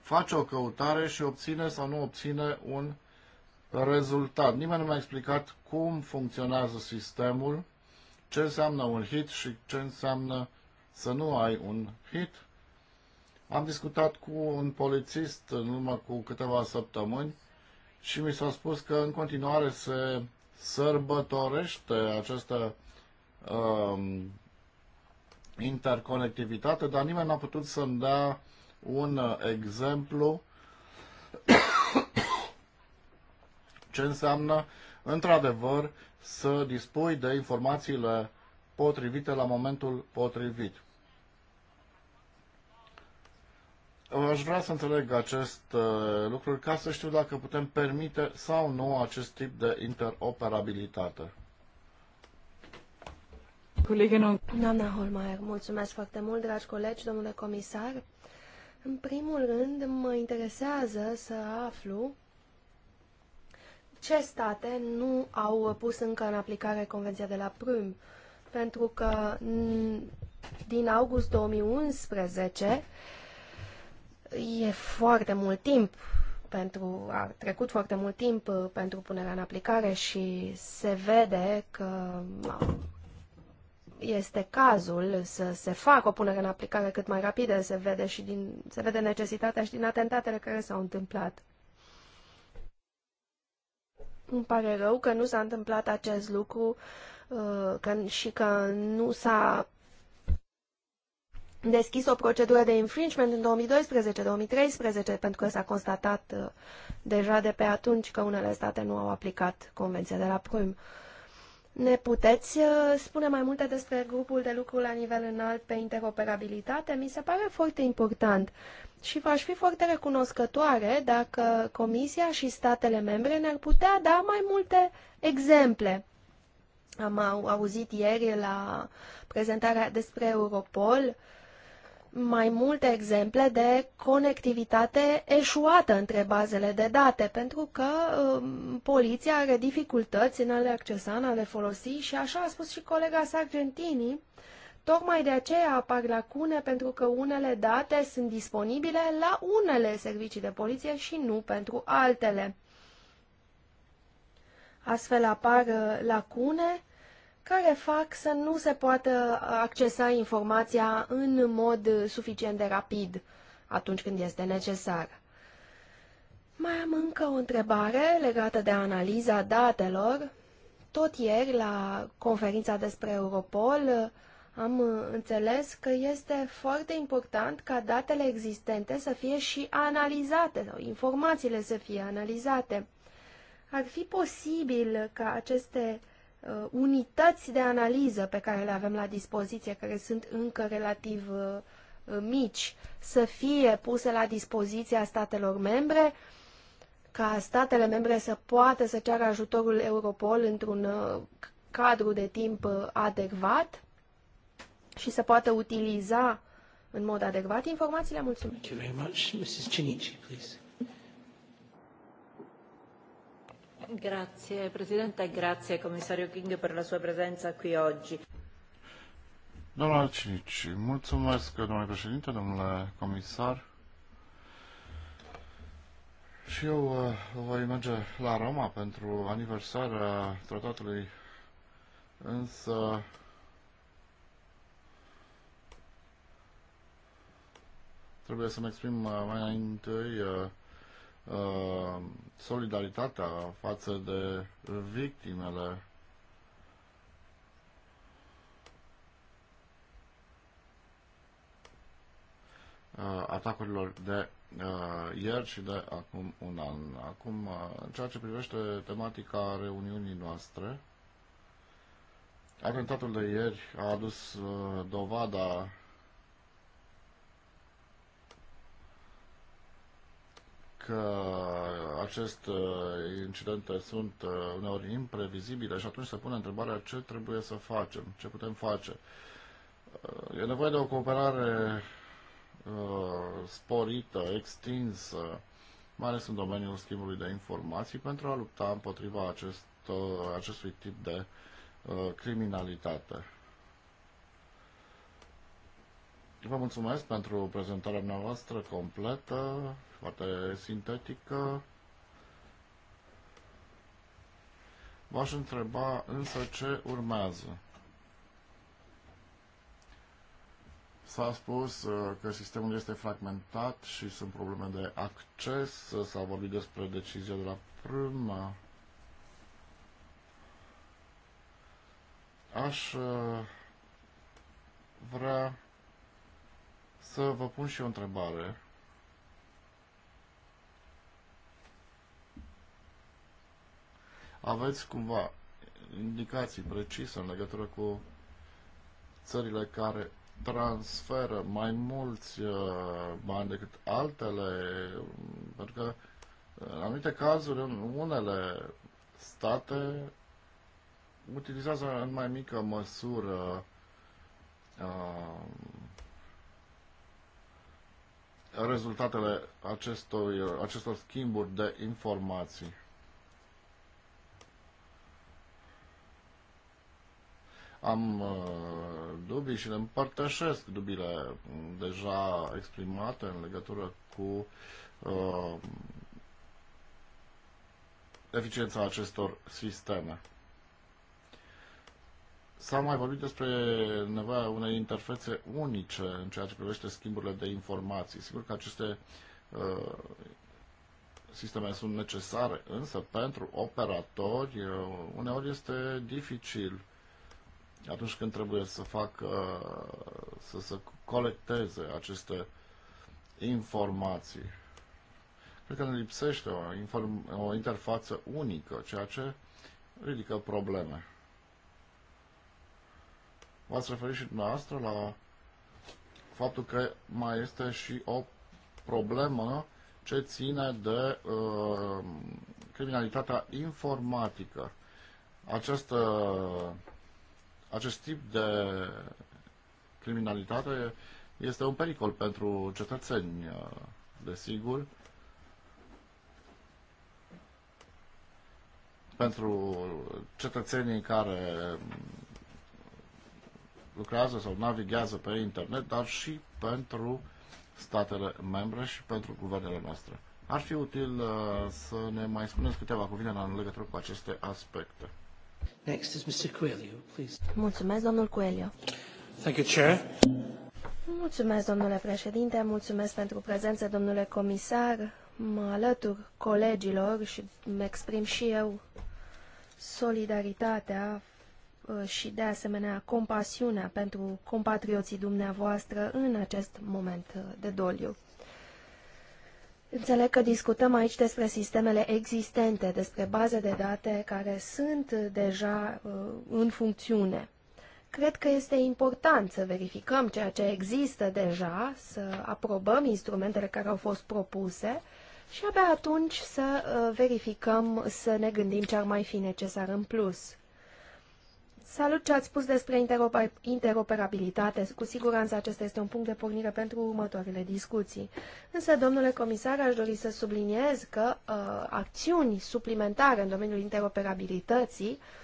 face o căutare și obține sau nu obține un rezultat. Nimeni nu mi-a explicat cum funcționează sistemul, ce înseamnă un hit și ce înseamnă să nu ai un hit. Am discutat cu un polițist în urmă cu câteva săptămâni și mi s-a spus că în continuare se sărbătorește această um, interconectivitate, dar nimeni n-a putut să-mi dea un uh, exemplu ce înseamnă, într-adevăr, să dispui de informațiile potrivite la momentul potrivit. Aș vrea să înțeleg acest uh, lucru ca să știu dacă putem permite sau nu acest tip de interoperabilitate. Doamna Holmeier, mulțumesc foarte mult, dragi colegi, domnule comisar. În primul rând, mă interesează să aflu ce state nu au pus încă în aplicare Convenția de la Prüm, pentru că din august 2011 e foarte mult timp pentru, a trecut foarte mult timp uh, pentru punerea în aplicare și se vede că este cazul să se facă o punere în aplicare cât mai rapidă, se vede, și din, se vede necesitatea și din atentatele care s-au întâmplat. Îmi pare rău că nu s-a întâmplat acest lucru uh, că, și că nu s-a deschis o procedură de infringement în 2012-2013, pentru că s-a constatat uh, deja de pe atunci că unele state nu au aplicat Convenția de la Prüm. Ne puteți uh, spune mai multe despre grupul de lucru la nivel înalt pe interoperabilitate? Mi se pare foarte important și v-aș fi foarte recunoscătoare dacă Comisia și statele membre ne-ar putea da mai multe exemple. Am auzit ieri la prezentarea despre Europol mai multe exemple de conectivitate eșuată între bazele de date, pentru că um, poliția are dificultăți în a le accesa, în a le folosi și așa a spus și colega Sargentini, tocmai de aceea apar lacune pentru că unele date sunt disponibile la unele servicii de poliție și nu pentru altele. Astfel apar uh, lacune care fac să nu se poată accesa informația în mod suficient de rapid atunci când este necesar. Mai am încă o întrebare legată de analiza datelor. Tot ieri, la conferința despre Europol, am înțeles că este foarte important ca datele existente să fie și analizate, sau informațiile să fie analizate. Ar fi posibil ca aceste uh, unități de analiză pe care le avem la dispoziție, care sunt încă relativ uh, uh, mici, să fie puse la dispoziția statelor membre, ca statele membre să poată să ceară ajutorul Europol într-un uh, cadru de timp uh, adecvat și să poată utiliza în mod adecvat informațiile. Mulțumesc. Thank you very much. Mrs. Cinici, please. Grazie Presidente grazie Commissario King per la sua presenza qui oggi. Cinici, mulțumesc, domnule președinte, domnule comisar. Și eu uh, voi merge la Roma pentru aniversarea tratatului, însă trebuie să-mi exprim uh, mai întâi uh, Uh, solidaritatea față de victimele uh, atacurilor de uh, ieri și de acum un an. Acum, uh, în ceea ce privește tematica reuniunii noastre, atentatul de ieri a adus uh, dovada că aceste uh, incidente sunt uh, uneori imprevizibile și atunci se pune întrebarea ce trebuie să facem, ce putem face. Uh, e nevoie de o cooperare sporită, extinsă, mai ales în domeniul schimbului de informații, pentru a lupta împotriva acest, acestui tip de criminalitate. Vă mulțumesc pentru prezentarea noastră completă, foarte sintetică. V-aș întreba însă ce urmează. S-a spus uh, că sistemul este fragmentat și sunt probleme de acces. S-a vorbit despre decizia de la prima. Aș uh, vrea să vă pun și o întrebare. Aveți cumva indicații precise în legătură cu țările care transferă mai mulți uh, bani decât altele, pentru că în anumite cazuri, în unele state utilizează în mai mică măsură uh, rezultatele acestor, acestor schimburi de informații. Am uh, dubii și le împărtășesc dubile deja exprimate în legătură cu uh, eficiența acestor sisteme. S-a mai vorbit despre nevoia unei interfețe unice în ceea ce privește schimburile de informații. Sigur că aceste uh, sisteme sunt necesare, însă pentru operatori uh, uneori este dificil atunci când trebuie să fac uh, să, să colecteze aceste informații. Cred că ne lipsește o, inform- o interfață unică, ceea ce ridică probleme. V-ați referit și dumneavoastră la faptul că mai este și o problemă ce ține de uh, criminalitatea informatică. Acest, uh, acest tip de criminalitate este un pericol pentru cetățeni, uh, desigur, pentru cetățenii care lucrează sau navighează pe internet, dar și pentru statele membre și pentru guvernele noastre. Ar fi util uh, să ne mai spuneți câteva cuvinte în legătură cu aceste aspecte. Next is Mr. Coelho, please. Mulțumesc, domnul Coelho. Thank you, Chair. Mulțumesc, domnule președinte, mulțumesc pentru prezență, domnule comisar. Mă alătur colegilor și îmi exprim și eu solidaritatea Uh, și de asemenea compasiunea pentru compatrioții dumneavoastră în acest moment uh, de doliu. Înțeleg că discutăm aici despre sistemele existente, despre baze de date care sunt deja uh, în funcțiune. Cred că este important să verificăm ceea ce există deja, să aprobăm instrumentele care au fost propuse și abia atunci să verificăm, să ne gândim ce ar mai fi necesar în plus. Salut ce ați spus despre interoperabilitate. Cu siguranță acesta este un punct de pornire pentru următoarele discuții. Însă, domnule comisar, aș dori să subliniez că uh, acțiuni suplimentare în domeniul interoperabilității uh,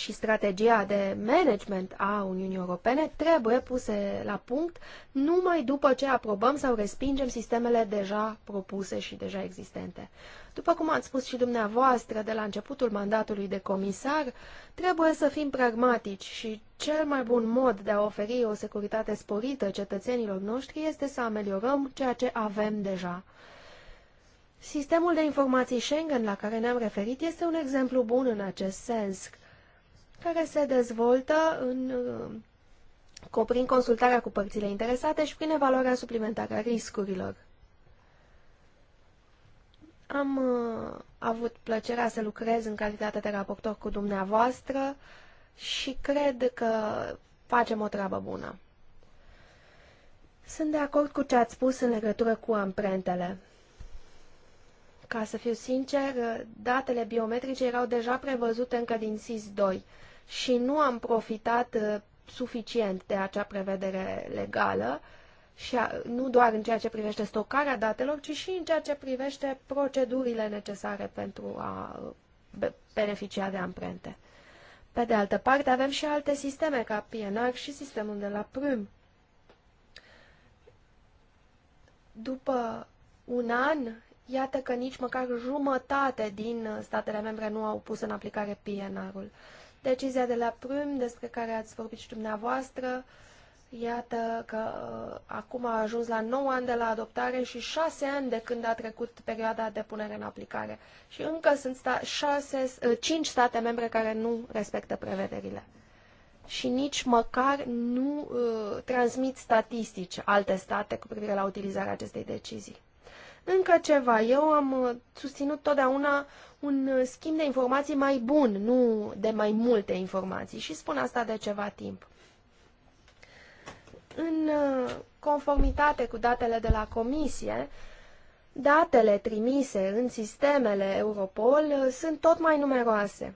și strategia de management a Uniunii Europene trebuie puse la punct numai după ce aprobăm sau respingem sistemele deja propuse și deja existente. După cum ați spus și dumneavoastră de la începutul mandatului de comisar, trebuie să fim pragmatici și cel mai bun mod de a oferi o securitate sporită cetățenilor noștri este să ameliorăm ceea ce avem deja. Sistemul de informații Schengen la care ne-am referit este un exemplu bun în acest sens care se dezvoltă în, uh, prin consultarea cu părțile interesate și prin evaluarea suplimentară a riscurilor. Am uh, avut plăcerea să lucrez în calitate de raportor cu dumneavoastră și cred că facem o treabă bună. Sunt de acord cu ce ați spus în legătură cu amprentele. Ca să fiu sincer, uh, datele biometrice erau deja prevăzute încă din SIS-2 și nu am profitat uh, suficient de acea prevedere legală, și a, nu doar în ceea ce privește stocarea datelor, ci și în ceea ce privește procedurile necesare pentru a uh, beneficia de amprente. Pe de altă parte, avem și alte sisteme ca PNR și sistemul de la prim. După un an, iată că nici măcar jumătate din uh, statele membre nu au pus în aplicare PNR-ul. Uh, Decizia de la Prüm, despre care ați vorbit și dumneavoastră, iată că uh, acum a ajuns la 9 ani de la adoptare și 6 ani de când a trecut perioada de punere în aplicare. Și încă sunt sta- 6, uh, 5 state membre care nu respectă prevederile. Și nici măcar nu uh, transmit statistici alte state cu privire la utilizarea acestei decizii. Încă ceva, eu am uh, susținut totdeauna un uh, schimb de informații mai bun, nu de mai multe informații și spun asta de ceva timp. În uh, conformitate cu datele de la comisie, datele trimise în sistemele Europol sunt tot mai numeroase.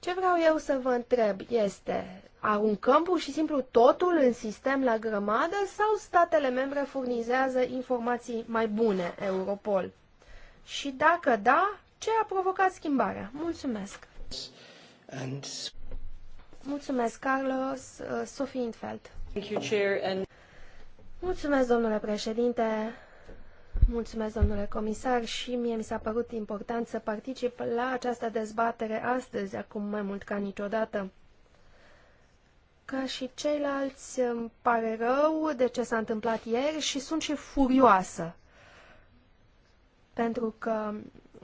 Ce vreau eu să vă întreb este aruncăm pur și simplu totul în sistem la grămadă sau statele membre furnizează informații mai bune Europol? Și dacă da, ce a provocat schimbarea? Mulțumesc! And... Mulțumesc, Carlos. Uh, Sophie Infeld. Thank you, Chair, and... Mulțumesc, domnule președinte. Mulțumesc, domnule comisar, și mie mi s-a părut important să particip la această dezbatere astăzi, acum mai mult ca niciodată. Ca și ceilalți, îmi pare rău de ce s-a întâmplat ieri și sunt și furioasă. Pentru că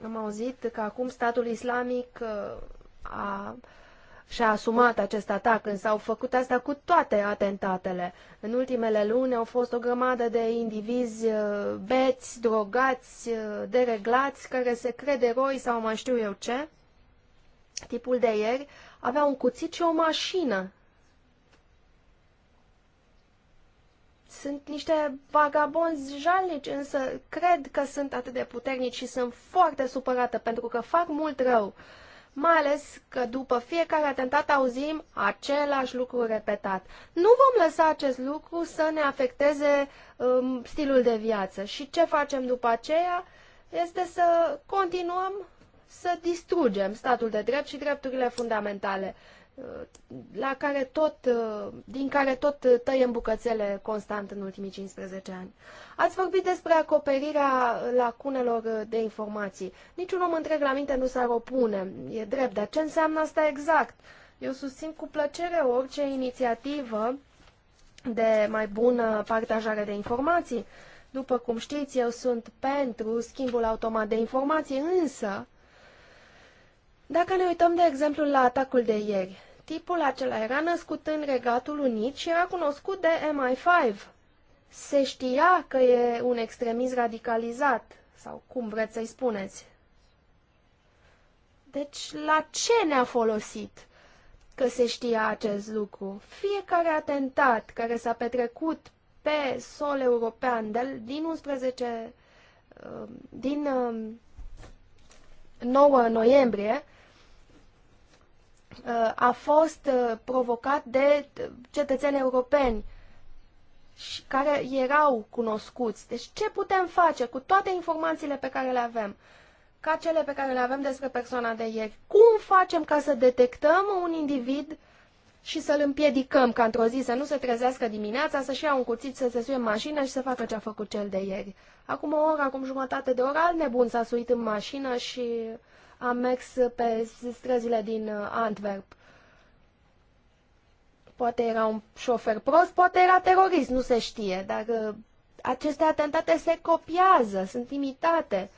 am auzit că acum statul islamic uh, a, și-a asumat acest atac, însă au făcut asta cu toate atentatele. În ultimele luni au fost o grămadă de indivizi uh, beți, drogați, uh, dereglați, care se cred eroi sau mai știu eu ce. Tipul de ieri avea un cuțit și o mașină Sunt niște vagabonzi jalnici, însă cred că sunt atât de puternici și sunt foarte supărată pentru că fac mult rău. Mai ales că după fiecare atentat auzim același lucru repetat. Nu vom lăsa acest lucru să ne afecteze um, stilul de viață. Și ce facem după aceea este să continuăm să distrugem statul de drept și drepturile fundamentale. Uh, la care tot, uh, din care tot tăiem bucățele constant în ultimii 15 ani. Ați vorbit despre acoperirea lacunelor de informații. Niciun om întreg la minte nu s-ar opune, e drept, dar ce înseamnă asta exact? Eu susțin cu plăcere orice inițiativă de mai bună partajare de informații. După cum știți, eu sunt pentru schimbul automat de informații, însă, dacă ne uităm de exemplu la atacul de ieri, tipul acela era născut în Regatul Unit și era cunoscut de MI5. Se știa că e un extremist radicalizat, sau cum vreți să-i spuneți. Deci, la ce ne-a folosit că se știa acest lucru? Fiecare atentat care s-a petrecut pe sol european de, din 11, uh, din 9 uh, noiembrie, Uh, a fost uh, provocat de cetățeni europeni și care erau cunoscuți. Deci ce putem face cu toate informațiile pe care le avem? Ca cele pe care le avem despre persoana de ieri. Cum facem ca să detectăm un individ și să-l împiedicăm ca într-o zi să nu se trezească dimineața, să-și ia un cuțit, să se suie în mașină și să facă ce a făcut cel de ieri? Acum o oră, acum jumătate de oră, alt nebun s-a suit în mașină și am mers pe străzile din uh, Antwerp. Poate era un șofer prost, poate era terorist, nu se știe, dar uh, aceste atentate se copiază, sunt imitate.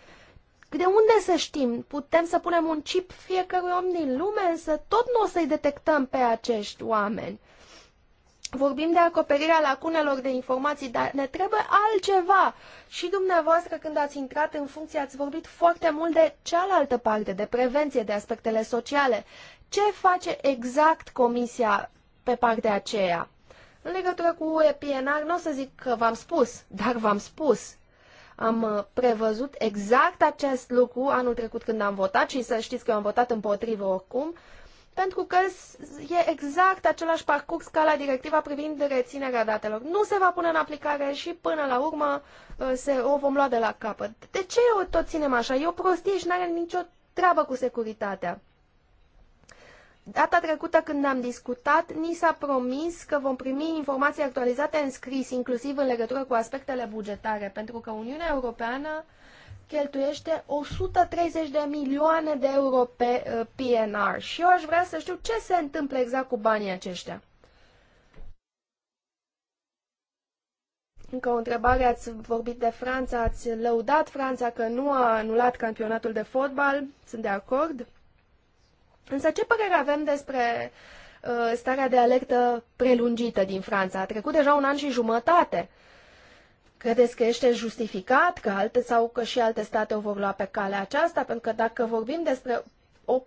De unde să știm? Putem să punem un chip fiecărui om din lume, însă tot nu o să-i detectăm pe acești oameni. Vorbim de acoperirea lacunelor de informații, dar ne trebuie altceva. Și dumneavoastră, când ați intrat în funcție, ați vorbit foarte mult de cealaltă parte, de prevenție, de aspectele sociale. Ce face exact Comisia pe partea aceea? În legătură cu EPNR, nu o să zic că v-am spus, dar v-am spus. Am uh, prevăzut exact acest lucru anul trecut când am votat și să știți că eu am votat împotrivă oricum. Uh, pentru că e exact același parcurs ca la directiva privind reținerea datelor. Nu se va pune în aplicare și până la urmă uh, se, o vom lua de la capăt. De ce o tot ținem așa? E o prostie și nu are nicio treabă cu securitatea. Data trecută când am discutat, ni s-a promis că vom primi informații actualizate în scris, inclusiv în legătură cu aspectele bugetare, pentru că Uniunea Europeană uh, cheltuiește 130 de milioane de euro pe uh, PNR și eu aș vrea să știu ce se întâmplă exact cu banii aceștia. Încă o întrebare, ați vorbit de Franța, ați lăudat Franța că nu a anulat campionatul de fotbal, sunt de acord. Însă ce părere avem despre uh, starea de alertă prelungită din Franța? A trecut deja un an și jumătate. Credeți că este justificat că alte sau că și alte state o vor lua pe calea aceasta? Pentru că dacă vorbim despre o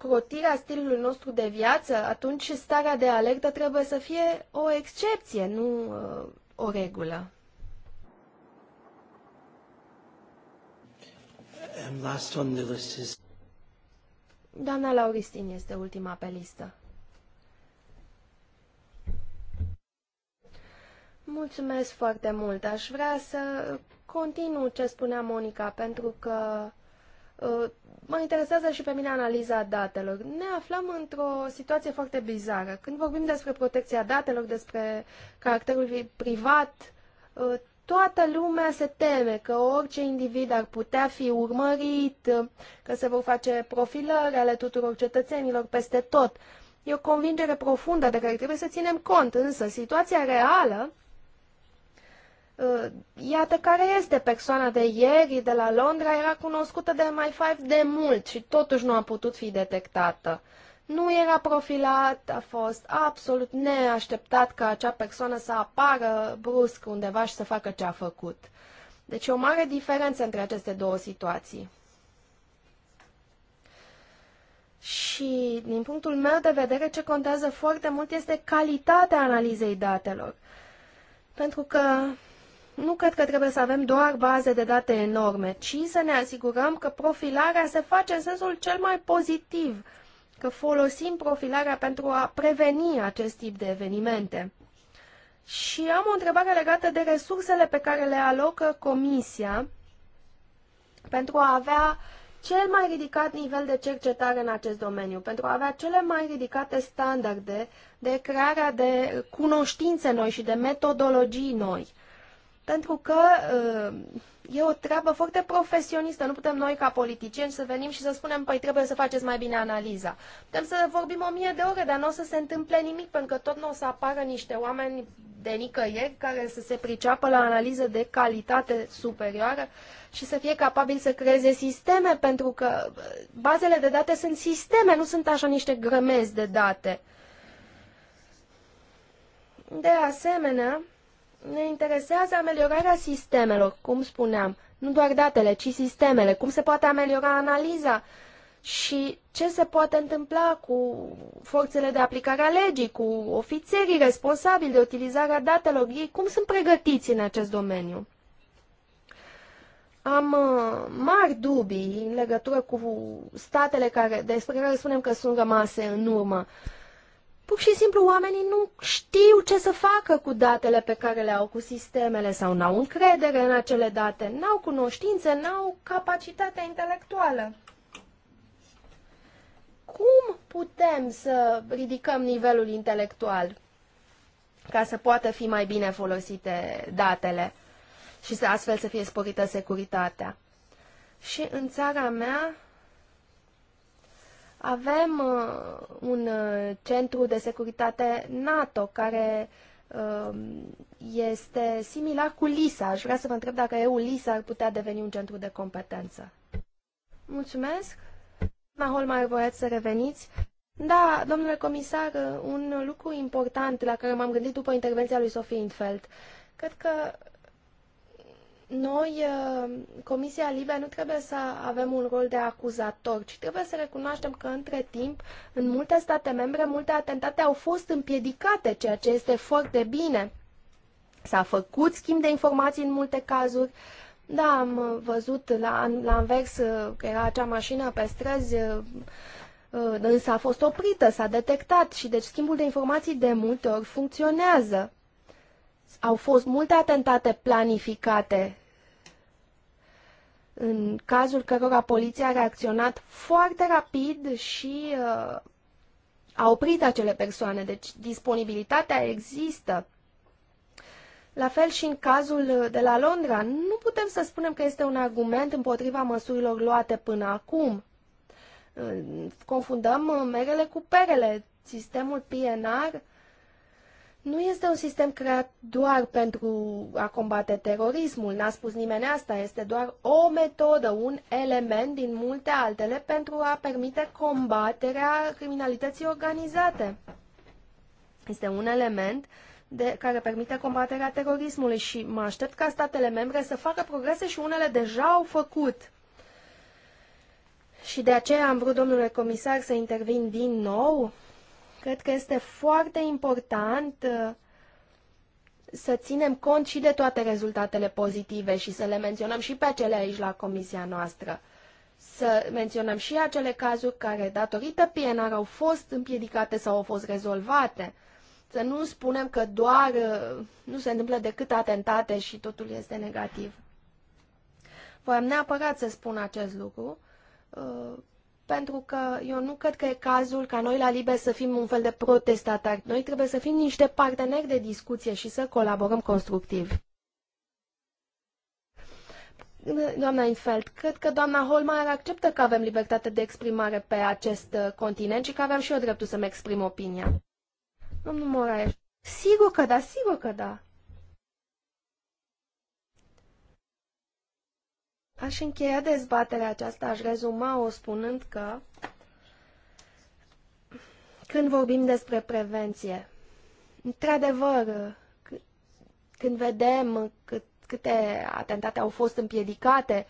a stilului nostru de viață, atunci starea de alertă trebuie să fie o excepție, nu uh, o regulă. Doamna Lauristin este ultima pe listă. Mulțumesc foarte mult. Aș vrea să continu ce spunea Monica, pentru că uh, mă interesează și pe mine analiza datelor. Ne aflăm într-o situație foarte bizară. Când vorbim despre protecția datelor, despre caracterul privat, uh, toată lumea se teme că orice individ ar putea fi urmărit, uh, că se vor face profilări ale tuturor cetățenilor peste tot. E o convingere profundă de care trebuie să ținem cont, însă situația reală Uh, iată care este persoana de ieri de la Londra, era cunoscută de MI5 de mult și totuși nu a putut fi detectată. Nu era profilat, a fost absolut neașteptat ca acea persoană să apară brusc undeva și să facă ce a făcut. Deci e o mare diferență între aceste două situații. Și din punctul meu de vedere, ce contează foarte mult este calitatea analizei datelor. Pentru că nu cred că trebuie să avem doar baze de date enorme, ci să ne asigurăm că profilarea se face în sensul cel mai pozitiv, că folosim profilarea pentru a preveni acest tip de evenimente. Și am o întrebare legată de resursele pe care le alocă Comisia pentru a avea cel mai ridicat nivel de cercetare în acest domeniu, pentru a avea cele mai ridicate standarde de crearea de cunoștințe noi și de metodologii noi pentru că uh, e o treabă foarte profesionistă. Nu putem noi, ca politicieni, să venim și să spunem, păi trebuie să faceți mai bine analiza. Putem să vorbim o mie de ore, dar nu o să se întâmple nimic, pentru că tot nu o să apară niște oameni de nicăieri care să se priceapă la analiză de calitate superioară și să fie capabil să creeze sisteme, pentru că uh, bazele de date sunt sisteme, nu sunt așa niște grămezi de date. De asemenea, ne interesează ameliorarea sistemelor, cum spuneam, nu doar datele, ci sistemele, cum se poate ameliora analiza și ce se poate întâmpla cu forțele de aplicare a legii, cu ofițerii responsabili de utilizarea datelor ei, cum sunt pregătiți în acest domeniu. Am uh, mari dubii în legătură cu statele care, despre care spunem că sunt rămase în urmă. Uh, Pur și simplu oamenii nu știu ce să facă cu datele pe care le au cu sistemele sau n-au încredere în acele date, n-au cunoștințe, n-au capacitatea intelectuală. Cum putem să ridicăm nivelul intelectual ca să poată fi mai bine folosite datele și să astfel să fie sporită securitatea? Și în țara mea, avem uh, un uh, centru de securitate NATO care uh, este similar cu LISA. Aș vrea să vă întreb dacă eu LISA ar putea deveni un centru de competență. Mulțumesc. Doamna mai voiați să reveniți? Da, domnule comisar, un lucru important la care m-am gândit după intervenția lui Sofie Infeld. Cred că noi, uh, Comisia Libe, nu trebuie să avem un rol de acuzator, ci trebuie să recunoaștem că între timp, în multe state membre, multe atentate au fost împiedicate, ceea ce este foarte bine. S-a făcut schimb de informații în multe cazuri. Da, am văzut la, la Anvers uh, că era acea mașină pe străzi, uh, însă a fost oprită, s-a detectat și deci schimbul de informații de multe ori funcționează au fost multe atentate planificate în cazul cărora poliția a reacționat foarte rapid și uh, a oprit acele persoane. Deci disponibilitatea există. La fel și în cazul de la Londra, nu putem să spunem că este un argument împotriva măsurilor luate până acum. Confundăm merele cu perele. Sistemul PNR nu este un sistem creat doar pentru a combate terorismul, n-a spus nimeni asta, este doar o metodă, un element din multe altele pentru a permite combaterea criminalității organizate. Este un element de, care permite combaterea terorismului și mă aștept ca statele membre să facă progrese și unele deja au făcut. Și de aceea am vrut, domnule comisar, să intervin din nou Cred că este foarte important uh, să ținem cont și de toate rezultatele pozitive și să le menționăm și pe acele aici la comisia noastră. Să menționăm și acele cazuri care, datorită PNR, au fost împiedicate sau au fost rezolvate. Să nu spunem că doar uh, nu se întâmplă decât atentate și totul este negativ. Voiam neapărat să spun acest lucru uh, pentru că eu nu cred că e cazul ca noi la Libe să fim un fel de protestatari. Noi trebuie să fim niște parteneri de discuție și să colaborăm constructiv. Doamna Infeld, cred că doamna Holmeier acceptă că avem libertate de exprimare pe acest uh, continent și că aveam și eu dreptul să-mi exprim opinia. Domnul Moraes, sigur că da, sigur că da. Aș încheia dezbaterea aceasta, aș rezuma-o spunând că când vorbim despre prevenție, într-adevăr, când vedem cât, câte atentate au fost împiedicate,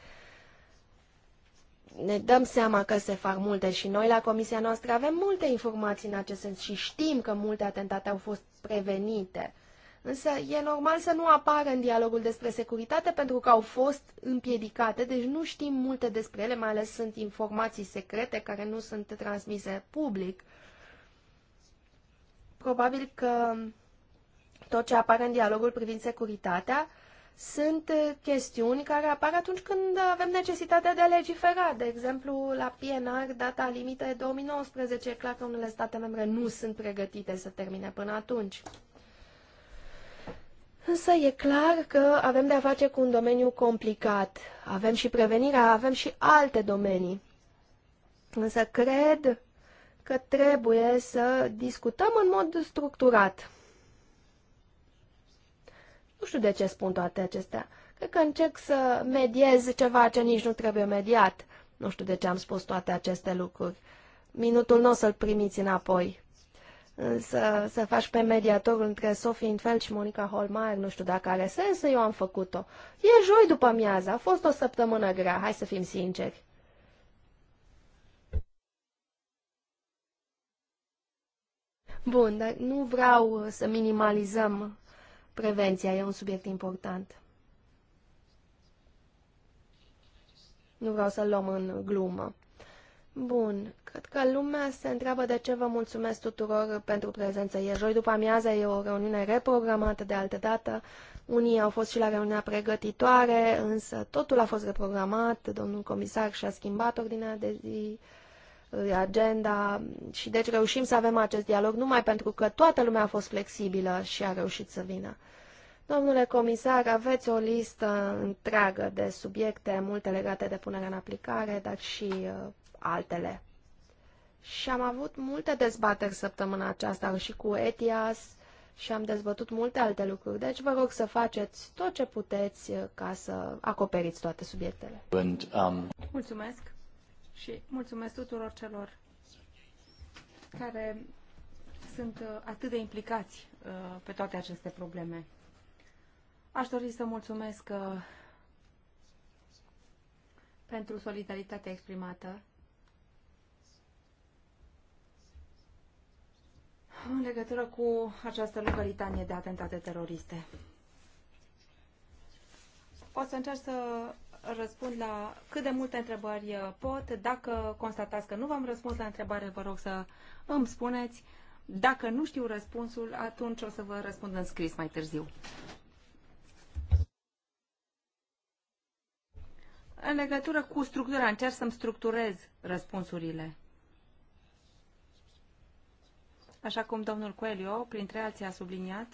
ne dăm seama că se fac multe și noi la comisia noastră avem multe informații în acest sens și știm că multe atentate au fost prevenite. Însă e normal să nu apară în dialogul despre securitate pentru că au fost împiedicate, deci nu știm multe despre ele, mai ales sunt informații secrete care nu sunt transmise public. Probabil că tot ce apare în dialogul privind securitatea sunt chestiuni care apar atunci când avem necesitatea de a legifera. De exemplu, la PNR, data limită e 2019. E clar că unele state membre nu sunt pregătite să termine până atunci. Însă e clar că avem de a face cu un domeniu complicat. Avem și prevenirea, avem și alte domenii. Însă cred că trebuie să discutăm în mod structurat. Nu știu de ce spun toate acestea. Cred că încerc să mediez ceva ce nici nu trebuie mediat. Nu știu de ce am spus toate aceste lucruri. Minutul nu o să-l primiți înapoi. Însă să faci pe mediatorul între Sophie Infeld și Monica Holmeier, nu știu dacă are sens, eu am făcut-o. E joi după miază, a fost o săptămână grea, hai să fim sinceri. Bun, dar nu vreau să minimalizăm prevenția, e un subiect important. Nu vreau să luăm în glumă. Bun, cred că lumea se întreabă de ce vă mulțumesc tuturor pentru prezență. E joi după amiază, e o reuniune reprogramată de altă dată. Unii au fost și la reuniunea pregătitoare, însă totul a fost reprogramat, domnul comisar și-a schimbat ordinea de zi, agenda și deci reușim să avem acest dialog numai pentru că toată lumea a fost flexibilă și a reușit să vină. Domnule comisar, aveți o listă întreagă de subiecte, multe legate de punerea în aplicare, dar și altele. Și am avut multe dezbateri săptămâna aceasta și cu ETIAS și am dezbătut multe alte lucruri. Deci vă rog să faceți tot ce puteți uh, ca să acoperiți toate subiectele. And, um... Mulțumesc și mulțumesc tuturor celor care sunt uh, atât de implicați uh, pe toate aceste probleme. Aș dori să mulțumesc pentru solidaritatea exprimată în legătură cu această lungă litanie de atentate teroriste. O să încerc să răspund la cât de multe întrebări uh, pot. Dacă constatați că nu v-am răspuns la întrebare, vă rog să îmi spuneți. Dacă nu știu răspunsul, atunci o să vă răspund în scris mai târziu. În legătură cu structura, încerc să-mi structurez răspunsurile. Așa cum domnul Coelio, printre alții, a subliniat,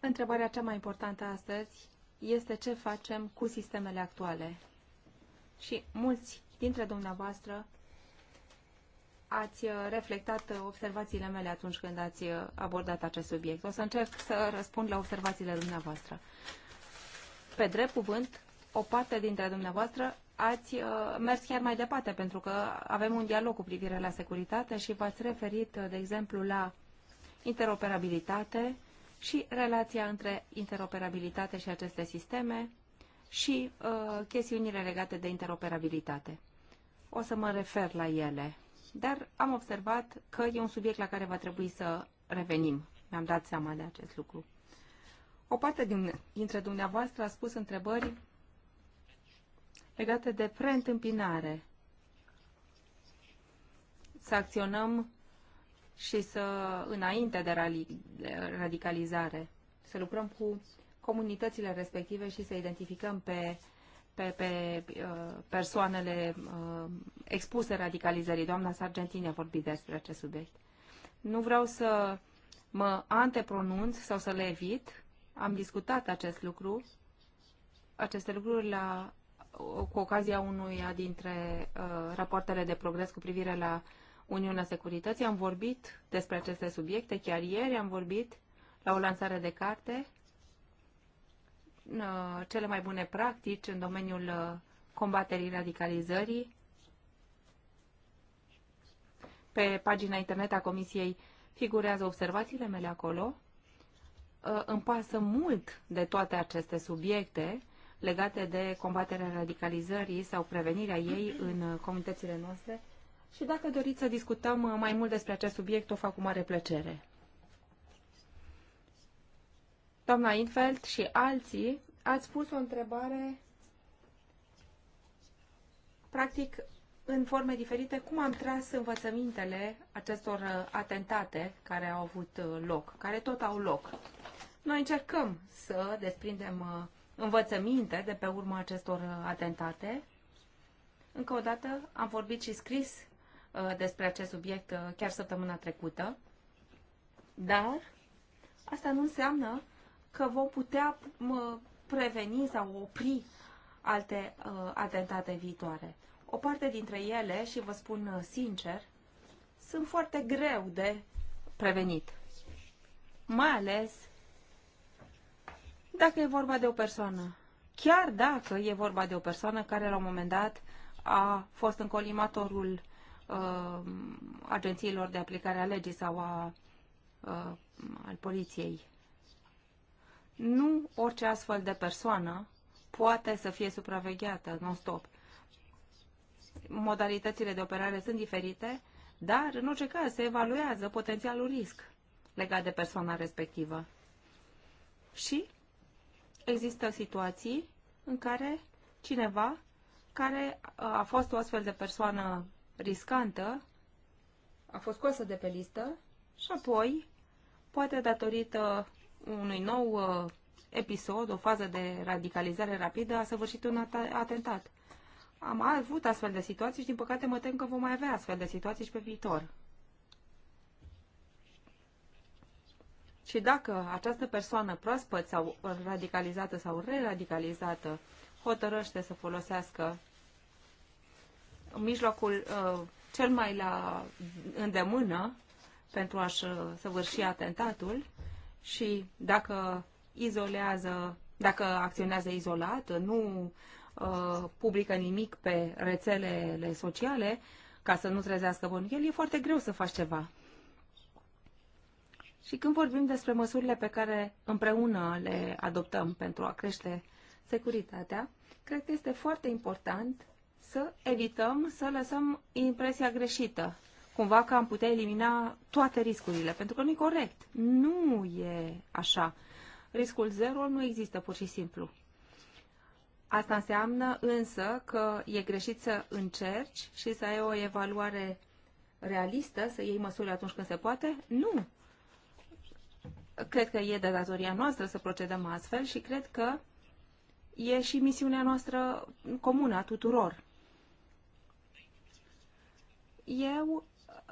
întrebarea cea mai importantă astăzi este ce facem cu sistemele actuale. Și mulți dintre dumneavoastră ați reflectat observațiile mele atunci când ați abordat acest subiect. O să încerc să răspund la observațiile dumneavoastră. Pe drept cuvânt, o parte dintre dumneavoastră ați uh, mers chiar mai departe, pentru că avem un dialog cu privire la securitate și v-ați referit, uh, de exemplu, la interoperabilitate și relația între interoperabilitate și aceste sisteme și uh, chestiunile legate de interoperabilitate. O să mă refer la ele, dar am observat că e un subiect la care va trebui să revenim. Mi-am dat seama de acest lucru. O parte dintre dumneavoastră a spus întrebări legate de preîntâmpinare. Să acționăm și să, înainte de radicalizare, să lucrăm cu comunitățile respective și să identificăm pe, pe, pe uh, persoanele uh, expuse radicalizării. Doamna Sargentini a vorbit despre acest subiect. Nu vreau să mă antepronunț sau să le evit. Am discutat acest lucru, aceste lucruri la cu ocazia unuia dintre uh, rapoartele de progres cu privire la Uniunea Securității. Am vorbit despre aceste subiecte, chiar ieri am vorbit la o lansare de carte, uh, cele mai bune practici în domeniul uh, combaterii radicalizării. Pe pagina internet a Comisiei figurează observațiile mele acolo. Îmi pasă mult de toate aceste subiecte legate de combaterea radicalizării sau prevenirea ei în comunitățile noastre și dacă doriți să discutăm mai mult despre acest subiect, o fac cu mare plăcere. Doamna Infeld și alții ați pus o întrebare practic în forme diferite cum am tras învățămintele acestor atentate care au avut loc, care tot au loc. Noi încercăm să desprindem uh, învățăminte de pe urma acestor uh, atentate. Încă o dată am vorbit și scris uh, despre acest subiect uh, chiar săptămâna trecută, dar asta nu înseamnă că vom putea preveni sau opri alte atentate viitoare. O parte dintre ele, și vă spun sincer, sunt foarte greu de prevenit. Mai ales dacă e vorba de o persoană, chiar dacă e vorba de o persoană care la un moment dat a fost în colimatorul uh, agențiilor de aplicare a legii sau a, uh, al poliției. Nu orice astfel de persoană poate să fie supravegheată non-stop. Modalitățile de operare sunt diferite, dar în orice caz se evaluează potențialul risc legat de persoana respectivă. Și există situații în care cineva care uh, a fost o astfel de persoană riscantă, a fost scoasă de pe listă și apoi, poate datorită unui nou uh, episod, o fază de radicalizare rapidă, a săvârșit un atentat. Am avut astfel de situații și, din păcate, mă tem că vom mai avea astfel de situații și pe viitor. Și dacă această persoană proaspăt sau radicalizată sau re-radicalizată hotărăște să folosească mijlocul uh, cel mai la îndemână pentru a-și uh, săvârși atentatul și dacă izolează, dacă acționează izolat, nu uh, publică nimic pe rețelele sociale ca să nu trezească bun. El e foarte greu să faci ceva. Și când vorbim despre măsurile pe care împreună le adoptăm pentru a crește securitatea, cred că este foarte important să evităm să lăsăm impresia greșită, cumva că am putea elimina toate riscurile, pentru că nu e corect. Nu e așa. Riscul zero nu există pur și simplu. Asta înseamnă însă că e greșit să încerci și să ai o evaluare realistă, să iei măsuri atunci când se poate? Nu. Cred că e de datoria noastră să procedăm astfel și cred că e și misiunea noastră comună a tuturor. Eu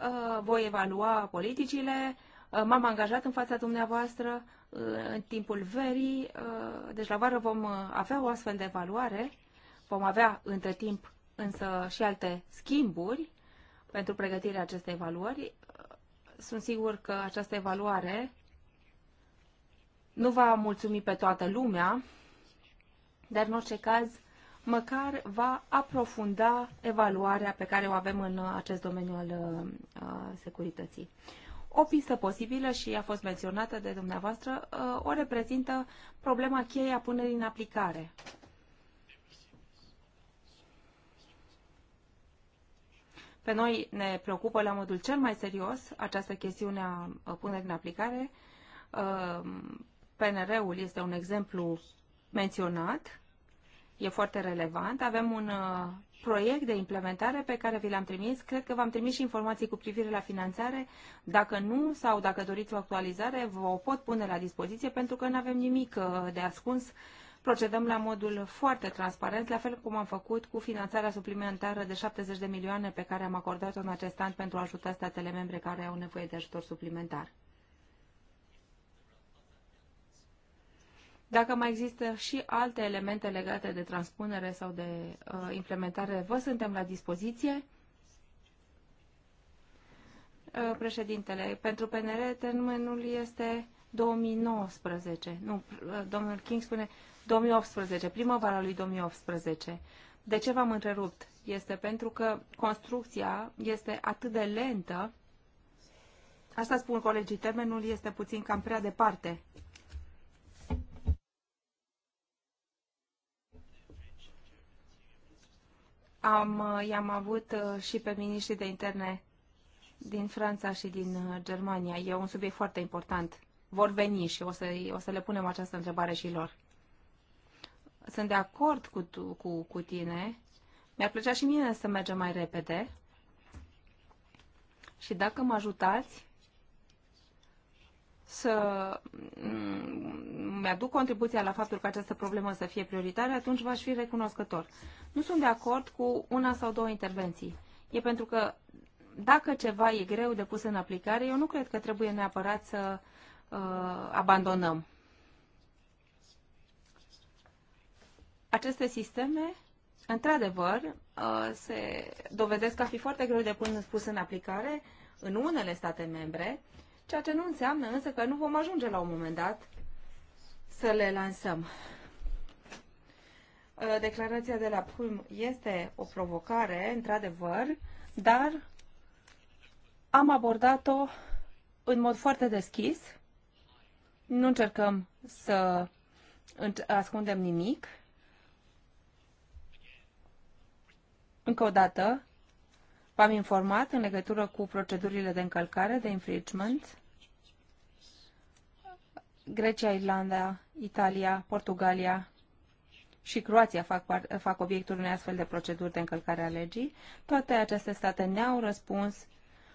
uh, voi evalua politicile, uh, m-am angajat în fața dumneavoastră uh, în timpul verii, uh, deci la vară vom uh, avea o astfel de evaluare, vom avea între timp însă și alte schimburi pentru pregătirea acestei evaluări. Sunt sigur că această evaluare nu va mulțumi pe toată lumea, dar în orice caz, măcar va aprofunda evaluarea pe care o avem în uh, acest domeniu al uh, uh, securității. O pistă posibilă și a fost menționată de dumneavoastră o reprezintă problema cheia a punerii în aplicare. Pe noi ne preocupă la modul cel mai serios această chestiune a punerii în aplicare PNR-ul este un exemplu menționat, e foarte relevant. Avem un uh, proiect de implementare pe care vi l-am trimis. Cred că v-am trimis și informații cu privire la finanțare. Dacă nu sau dacă doriți o actualizare, vă o pot pune la dispoziție pentru că nu avem nimic uh, de ascuns. Procedăm la modul foarte transparent, la fel cum am făcut cu finanțarea suplimentară de 70 de milioane pe care am acordat-o în acest an pentru a ajuta statele membre care au nevoie de ajutor suplimentar. Dacă mai există și alte elemente legate de transpunere sau de uh, implementare, vă suntem la dispoziție. Uh, președintele, pentru PNR termenul este 2019. Nu, uh, domnul King spune 2018, primăvara lui 2018. De ce v-am întrerupt? Este pentru că construcția este atât de lentă. Asta spun colegii, termenul este puțin cam prea departe. Am, i-am avut uh, și pe miniștrii de interne din Franța și din uh, Germania. E un subiect foarte important. Vor veni și o să, o să le punem această întrebare și lor. Sunt de acord cu, cu, cu tine. Mi-ar plăcea și mie să mergem mai repede. Și dacă mă ajutați, să mi-aduc contribuția la faptul că această problemă să fie prioritară, atunci v-aș fi recunoscător. Nu sunt de acord cu una sau două intervenții. E pentru că dacă ceva e greu de pus în aplicare, eu nu cred că trebuie neapărat să uh, abandonăm. Aceste sisteme, într-adevăr, uh, se dovedesc a fi foarte greu de pus în aplicare în unele state membre, ceea ce nu înseamnă însă că nu vom ajunge la un moment dat să le lansăm. Uh, declarația de la Pulm este o provocare, într-adevăr, dar am abordat-o în mod foarte deschis. Nu încercăm să ascundem nimic. Încă o dată, v-am informat în legătură cu procedurile de încălcare, de infringement. Grecia, Irlanda Italia, Portugalia și Croația fac, fac obiectul unei astfel de proceduri de încălcare a legii. Toate aceste state ne-au răspuns,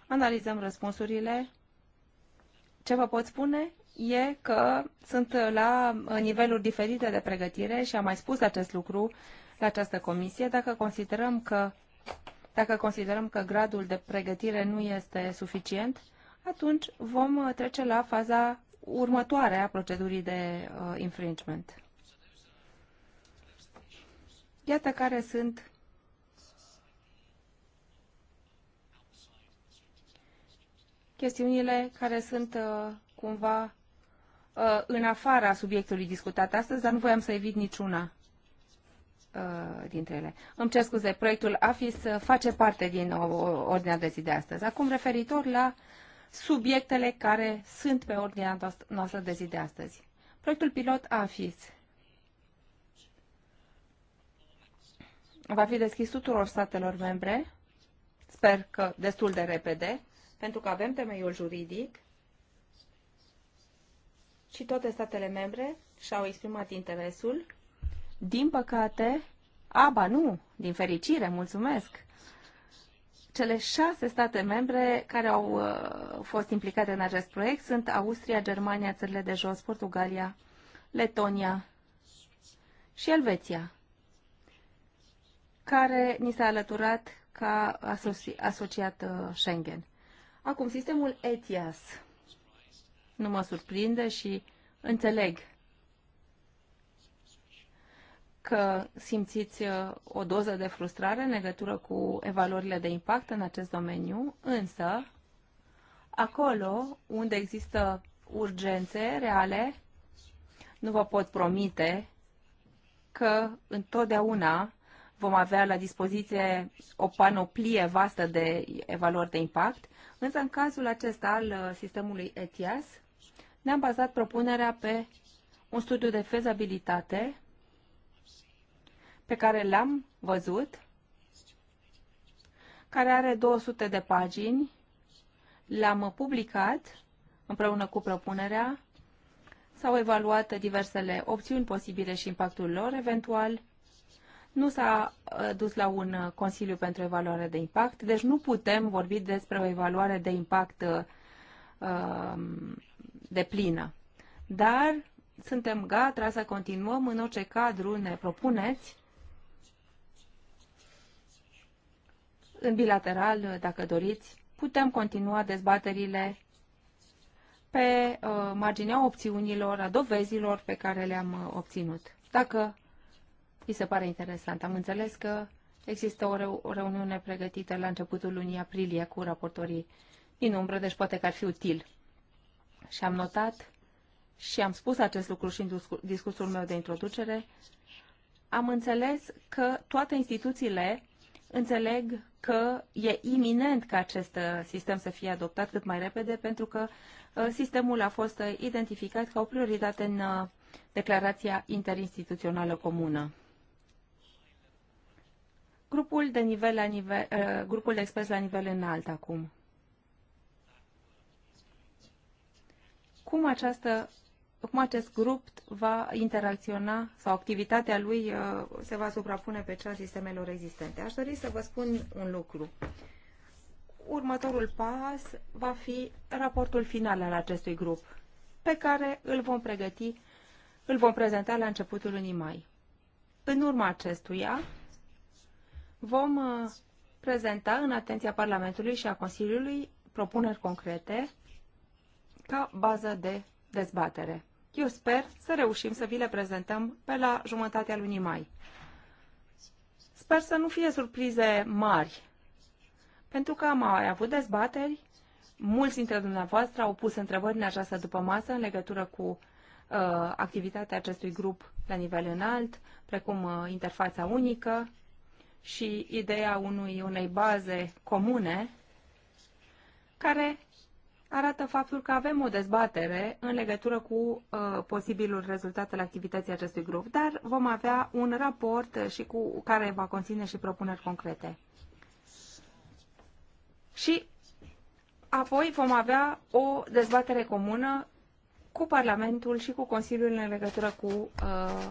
analizăm răspunsurile. Ce vă pot spune e că sunt la niveluri diferite de pregătire și am mai spus acest lucru la această comisie. Dacă considerăm că, dacă considerăm că gradul de pregătire nu este suficient, atunci vom trece la faza următoare a procedurii de uh, infringement. Iată care sunt chestiunile care sunt uh, cumva uh, în afara subiectului discutat astăzi, dar nu voiam să evit niciuna uh, dintre ele. Îmi cer scuze, proiectul AFIS uh, face parte din uh, ordinea de zi de astăzi. Acum, referitor la uh, subiectele care sunt pe ordinea noastră de zi de astăzi. Proiectul pilot AFIS va fi deschis tuturor statelor membre, sper că destul de repede, pentru că avem temeiul juridic și toate statele membre și-au exprimat interesul. Din păcate, aba nu, din fericire, mulțumesc, cele șase state membre care au uh, fost implicate în acest proiect sunt Austria, Germania, țările de jos, Portugalia, Letonia și Elveția, care ni s-a alăturat ca asoci asociat uh, Schengen. Acum, sistemul ETIAS nu mă surprinde și înțeleg că simțiți uh, o doză de frustrare în legătură cu evaluările de impact în acest domeniu, însă acolo unde există urgențe reale, nu vă pot promite că întotdeauna vom avea la dispoziție o panoplie vastă de evaluări de impact, însă în cazul acesta al uh, sistemului ETIAS ne-am bazat propunerea pe un studiu de fezabilitate pe care l-am văzut, care are 200 de pagini. L-am publicat împreună cu propunerea. S-au evaluat diversele opțiuni posibile și impactul lor eventual. Nu s-a uh, dus la un uh, Consiliu pentru Evaluare de Impact, deci nu putem vorbi despre o evaluare de impact uh, um, de plină. Dar suntem gata să continuăm în orice cadru ne propuneți în bilateral, dacă doriți, putem continua dezbaterile pe uh, marginea opțiunilor, a dovezilor pe care le-am uh, obținut. Dacă vi se pare interesant, am înțeles că există o, o reuniune pregătită la începutul lunii aprilie cu raportorii din umbră, deci poate că ar fi util. Și am notat și am spus acest lucru și în discursul meu de introducere, am înțeles că toate instituțiile înțeleg că e iminent ca acest uh, sistem să fie adoptat cât mai repede, pentru că uh, sistemul a fost uh, identificat ca o prioritate în declarația interinstituțională comună. Grupul de, nivel la nivel, grupul de experți la nivel înalt acum. Cum această Acum acest grup va interacționa sau activitatea lui uh, se va suprapune pe cea sistemelor existente. Aș dori să vă spun un lucru. Următorul pas va fi raportul final al acestui grup, pe care îl vom pregăti, îl vom prezenta la începutul lunii mai. În urma acestuia vom uh, prezenta în atenția Parlamentului și a Consiliului propuneri concrete ca bază de dezbatere. Eu sper să reușim să vi le prezentăm pe la jumătatea lunii mai. Sper să nu fie surprize mari, pentru că am mai avut dezbateri, mulți dintre dumneavoastră au pus întrebări în această după masă în legătură cu uh, activitatea acestui grup la nivel înalt, precum uh, interfața unică și ideea unui, unei baze comune care arată faptul că avem o dezbatere în legătură cu uh, posibilul rezultat al activității acestui grup, dar vom avea un raport uh, și cu care va conține și propuneri concrete. Și apoi vom avea o dezbatere comună cu Parlamentul și cu Consiliul în legătură cu uh,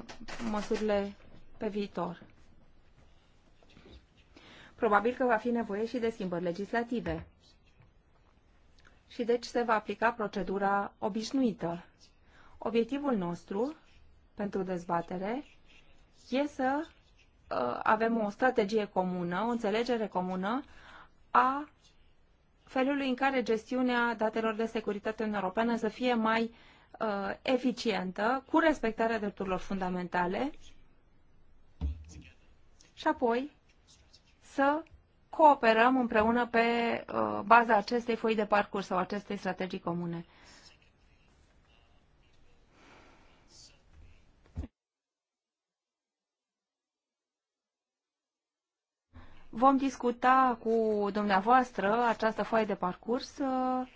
măsurile pe viitor. Probabil că va fi nevoie și de schimbări legislative și deci se va aplica procedura obișnuită. Obiectivul nostru pentru dezbatere e să uh, avem o strategie comună, o înțelegere comună a felului în care gestiunea datelor de securitate în europeană să fie mai uh, eficientă, cu respectarea drepturilor fundamentale și apoi să cooperăm împreună pe uh, baza acestei foi de parcurs sau acestei strategii comune. Vom discuta cu dumneavoastră această foaie de parcurs uh,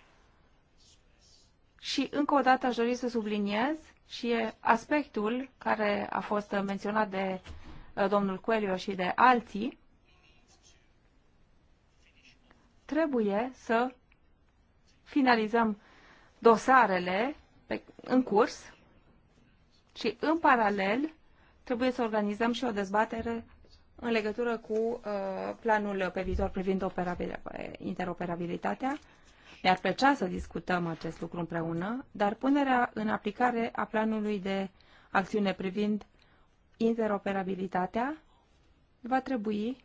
și încă o dată aș dori să subliniez și aspectul care a fost menționat de uh, domnul Coelho și de alții, trebuie să finalizăm dosarele pe, în curs și, în paralel, trebuie să organizăm și o dezbatere în legătură cu uh, planul pe viitor privind interoperabilitatea. Mi-ar plăcea să discutăm acest lucru împreună, dar punerea în aplicare a planului de acțiune privind interoperabilitatea va trebui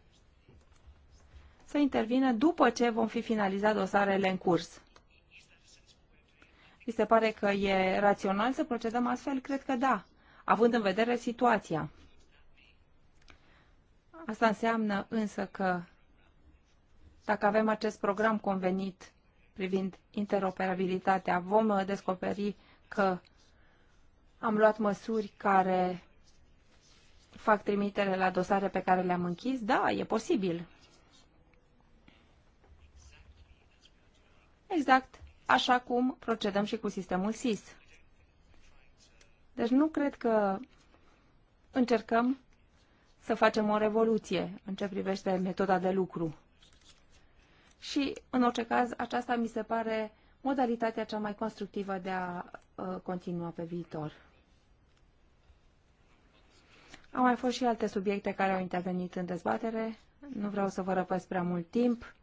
să intervină după ce vom fi finalizat dosarele în curs. Vi se pare că e rațional să procedăm astfel? Cred că da, având în vedere situația. Asta înseamnă însă că dacă avem acest program convenit privind interoperabilitatea, vom descoperi că am luat măsuri care fac trimitere la dosare pe care le-am închis? Da, e posibil. exact așa cum procedăm și cu sistemul SIS. Deci nu cred că încercăm să facem o revoluție în ce privește metoda de lucru. Și, în orice caz, aceasta mi se pare modalitatea cea mai constructivă de a uh, continua pe viitor. Au mai fost și alte subiecte care au intervenit în dezbatere. Nu vreau să vă răpăs prea mult timp.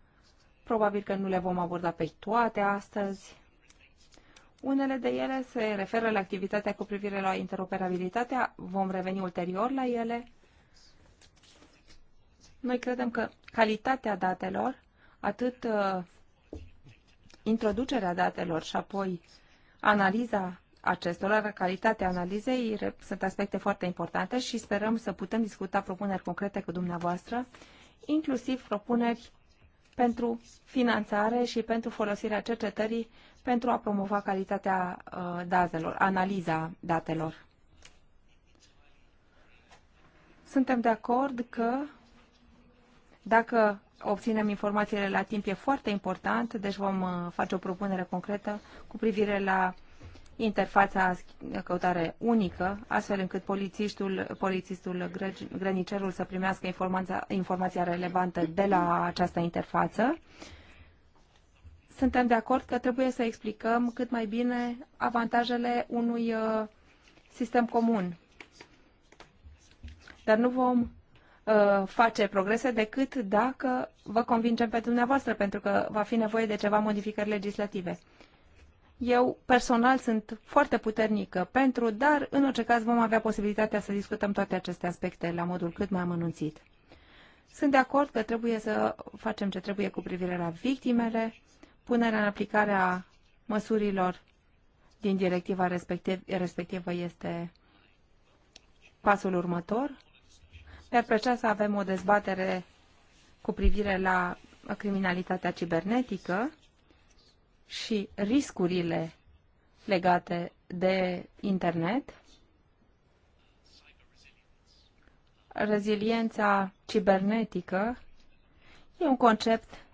Probabil că nu le vom aborda pe toate astăzi. Unele de ele se referă la activitatea cu privire la interoperabilitatea. Vom reveni ulterior la ele. Noi credem că calitatea datelor, atât uh, introducerea datelor și apoi analiza acestora, calitatea analizei sunt aspecte foarte importante și sperăm să putem discuta propuneri concrete cu dumneavoastră, inclusiv propuneri pentru finanțare și pentru folosirea cercetării pentru a promova calitatea uh, datelor, analiza datelor. Suntem de acord că dacă obținem informațiile la timp e foarte important, deci vom uh, face o propunere concretă cu privire la interfața căutare unică, astfel încât polițistul, polițistul grănicerul să primească informația, informația relevantă de la această interfață. Suntem de acord că trebuie să explicăm cât mai bine avantajele unui uh, sistem comun. Dar nu vom uh, face progrese decât dacă vă convingem pe dumneavoastră, pentru că va fi nevoie de ceva modificări legislative. Eu personal sunt foarte puternică pentru, dar în orice caz vom avea posibilitatea să discutăm toate aceste aspecte la modul cât mai amănunțit. Sunt de acord că trebuie să facem ce trebuie cu privire la victimele, punerea în aplicare a măsurilor din directiva respectiv, respectivă este pasul următor. Mi-ar plăcea să avem o dezbatere cu privire la criminalitatea cibernetică și riscurile legate de internet, reziliența cibernetică e un concept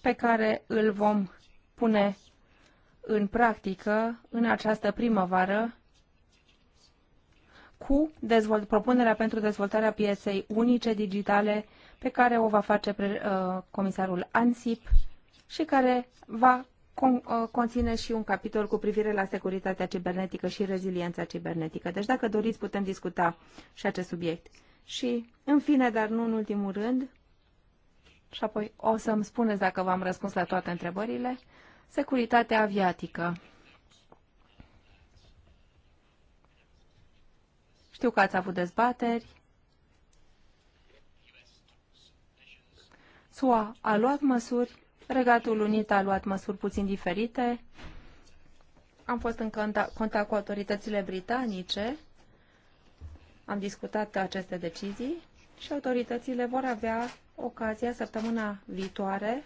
pe care îl vom pune în practică în această primăvară cu dezvolt, propunerea pentru dezvoltarea pieței unice digitale pe care o va face pre, uh, comisarul ANSIP și care va uh, conține și un capitol cu privire la securitatea cibernetică și reziliența cibernetică. Deci, dacă doriți, putem discuta și acest subiect. Și, în fine, dar nu în ultimul rând, și apoi o să-mi spuneți dacă v-am răspuns la toate întrebările, securitatea aviatică. Știu că ați avut dezbateri. SUA a luat măsuri Regatul Unit a luat măsuri puțin diferite. Am fost în contact cu autoritățile britanice, am discutat aceste decizii și autoritățile vor avea ocazia săptămâna viitoare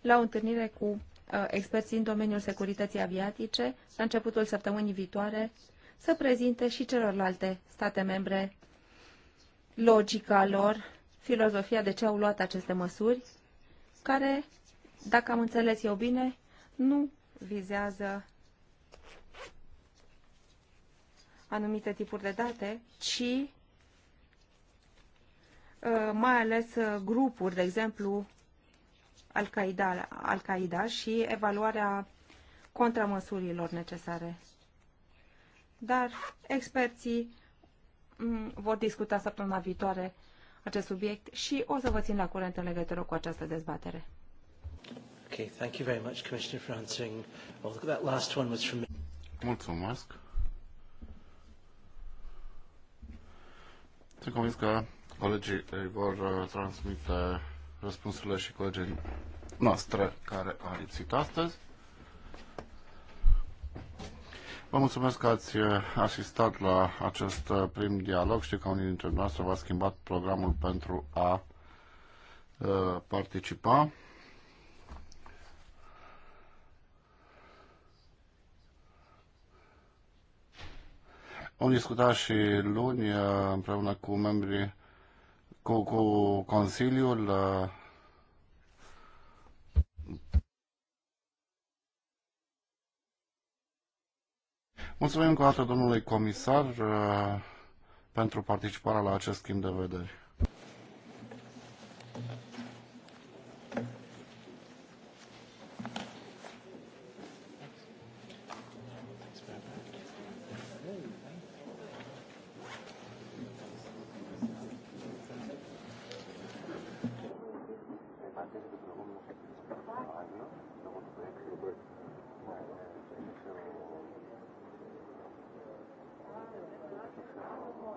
la o întâlnire cu uh, experți în domeniul securității aviatice, la începutul săptămânii viitoare, să prezinte și celorlalte state membre logica lor, filozofia de ce au luat aceste măsuri care, dacă am înțeles eu bine, nu vizează anumite tipuri de date, ci uh, mai ales uh, grupuri, de exemplu, Al-Qaeda Al -Qaeda și evaluarea contramăsurilor necesare. Dar experții mm, vor discuta săptămâna viitoare acest subiect și o să vă țin la curent în legătură cu această dezbatere. Okay, thank you very much, Commissioner, for answering. Oh, that last one was from me. Mulțumesc. Sunt convins că colegii vor uh, transmite răspunsurile și colegii noastre care au lipsit astăzi. Vă mulțumesc că ați uh, asistat la acest uh, prim dialog. Știu că unii dintre noastre v-a schimbat programul pentru a uh, participa. Am discutat și luni împreună cu membrii, cu, cu Consiliul Mulțumim încă o dată domnului comisar uh, pentru participarea la acest schimb de vederi.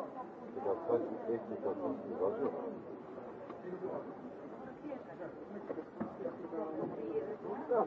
Когда кстати, техника там предложила. Да.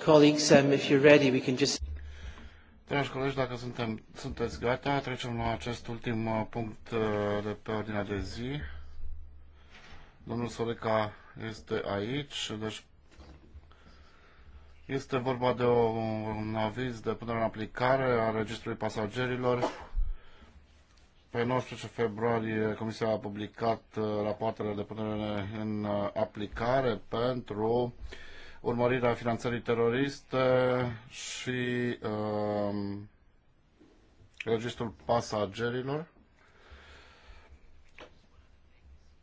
Colleagues, um, if you're ready, we can just... Dragi colegi, dacă suntem, sunteți gata, trecem la acest ultim uh, punct uh, de pe ordinea de zi. Domnul Soreca este aici, deci este vorba de o, un aviz de punere în aplicare a Registrului Pasagerilor. Pe 19 februarie Comisia a publicat uh, rapoartele de punere în aplicare pentru uh, urmărirea finanțării teroriste și uh, registrul pasagerilor.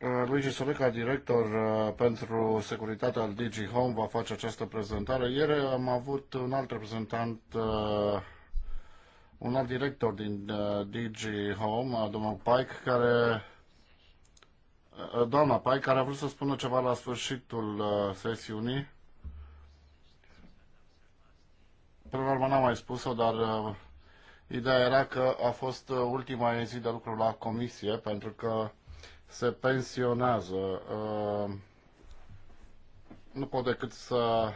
Uh, Luigi Soleca, director uh, pentru securitatea al Digi Home, va face această prezentare. Ieri am avut un alt reprezentant, uh, un alt director din Digi Home, domnul Pike, care doamna Pike, care a vrut să spună ceva la sfârșitul sesiunii. Până urmă n-am mai spus-o, dar uh, ideea era că a fost uh, ultima zi de lucru la comisie, pentru că se pensionează. Uh, nu pot decât să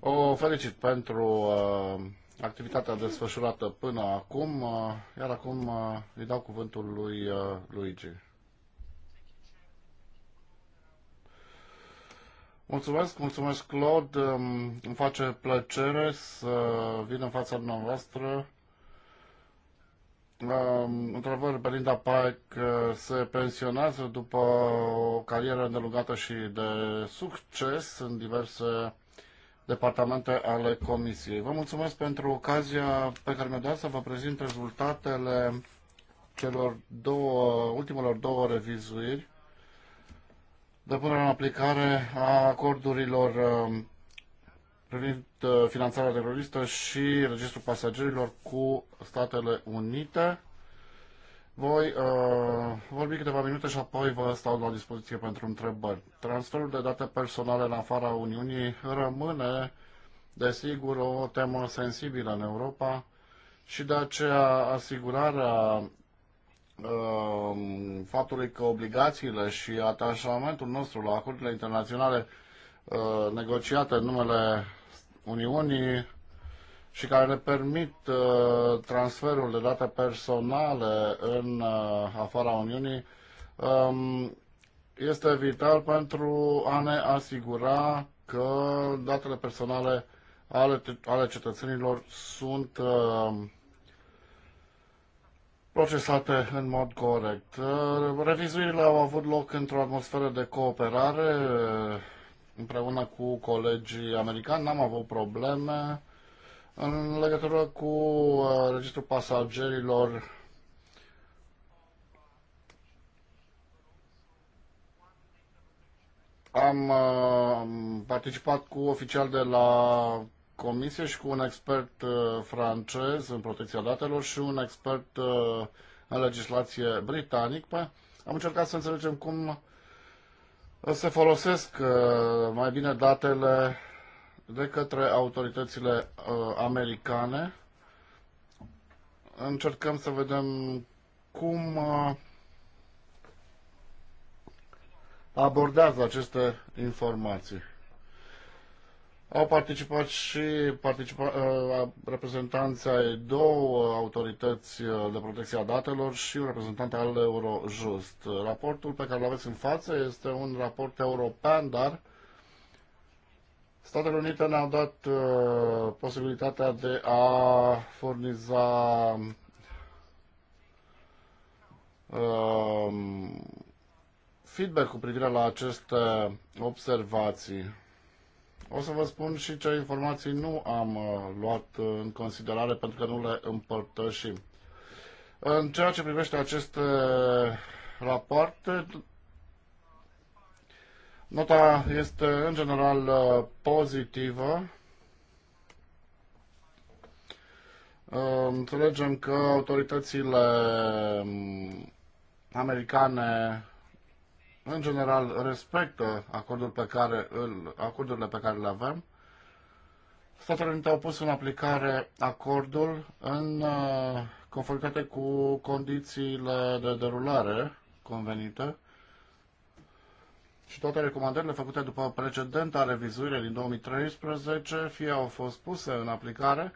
o felicit pentru uh, activitatea desfășurată până acum, uh, iar acum uh, îi dau cuvântul lui uh, Luigi. Mulțumesc, mulțumesc, Claude. Îmi face plăcere să vin în fața dumneavoastră. Într-adevăr, Belinda Paik uh, se pensionează după o carieră îndelungată și de succes în diverse departamente ale Comisiei. Vă mulțumesc pentru ocazia pe care mi a dat să vă prezint rezultatele celor două, ultimelor două revizuiri de până în aplicare a acordurilor um, privind uh, finanțarea teroristă și registrul pasagerilor cu Statele Unite. Voi uh, vorbi câteva minute și apoi vă stau la dispoziție pentru întrebări. Transferul de date personale în afara Uniunii rămâne, desigur, o temă sensibilă în Europa și de aceea asigurarea Ehm, faptului că obligațiile și atașamentul nostru la acordurile internaționale eh, negociate în numele Uniunii și care ne permit eh, transferul de date personale în eh, afara Uniunii ehm, este vital pentru a ne asigura că datele personale ale, cetățenilor sunt uh, procesate în mod corect. Uh, revizuirile au avut loc într-o atmosferă de cooperare uh, împreună cu colegii americani, n-am avut probleme în legătură cu uh, registrul pasagerilor. Am participat cu oficial de la comisie și cu un expert uh, francez în protecția datelor și un expert uh, în legislație britanic. Păi, am încercat să înțelegem cum uh, se folosesc mai bine datele de către autoritățile americane. Încercăm să vedem cum abordează aceste informații. Au participat și participa, uh, reprezentanții ai două autorități uh, de protecție a datelor și un reprezentant al Eurojust. Raportul pe care îl aveți în față este un raport european, dar Statele Unite ne-au dat uh, posibilitatea de a furniza uh, feedback cu privire la aceste observații. O să vă spun și ce informații nu am uh, luat uh, în considerare pentru că nu le împărtășim. În ceea ce privește aceste rapoarte, nota este în general uh, pozitivă. Înțelegem că autoritățile um, americane în general respectă acordul pe care îl, acordurile pe care le avem. Statele Unite au pus în aplicare acordul în uh, conformitate cu condițiile de derulare convenite și toate recomandările făcute după precedenta revizuire din 2013 fie au fost puse în aplicare,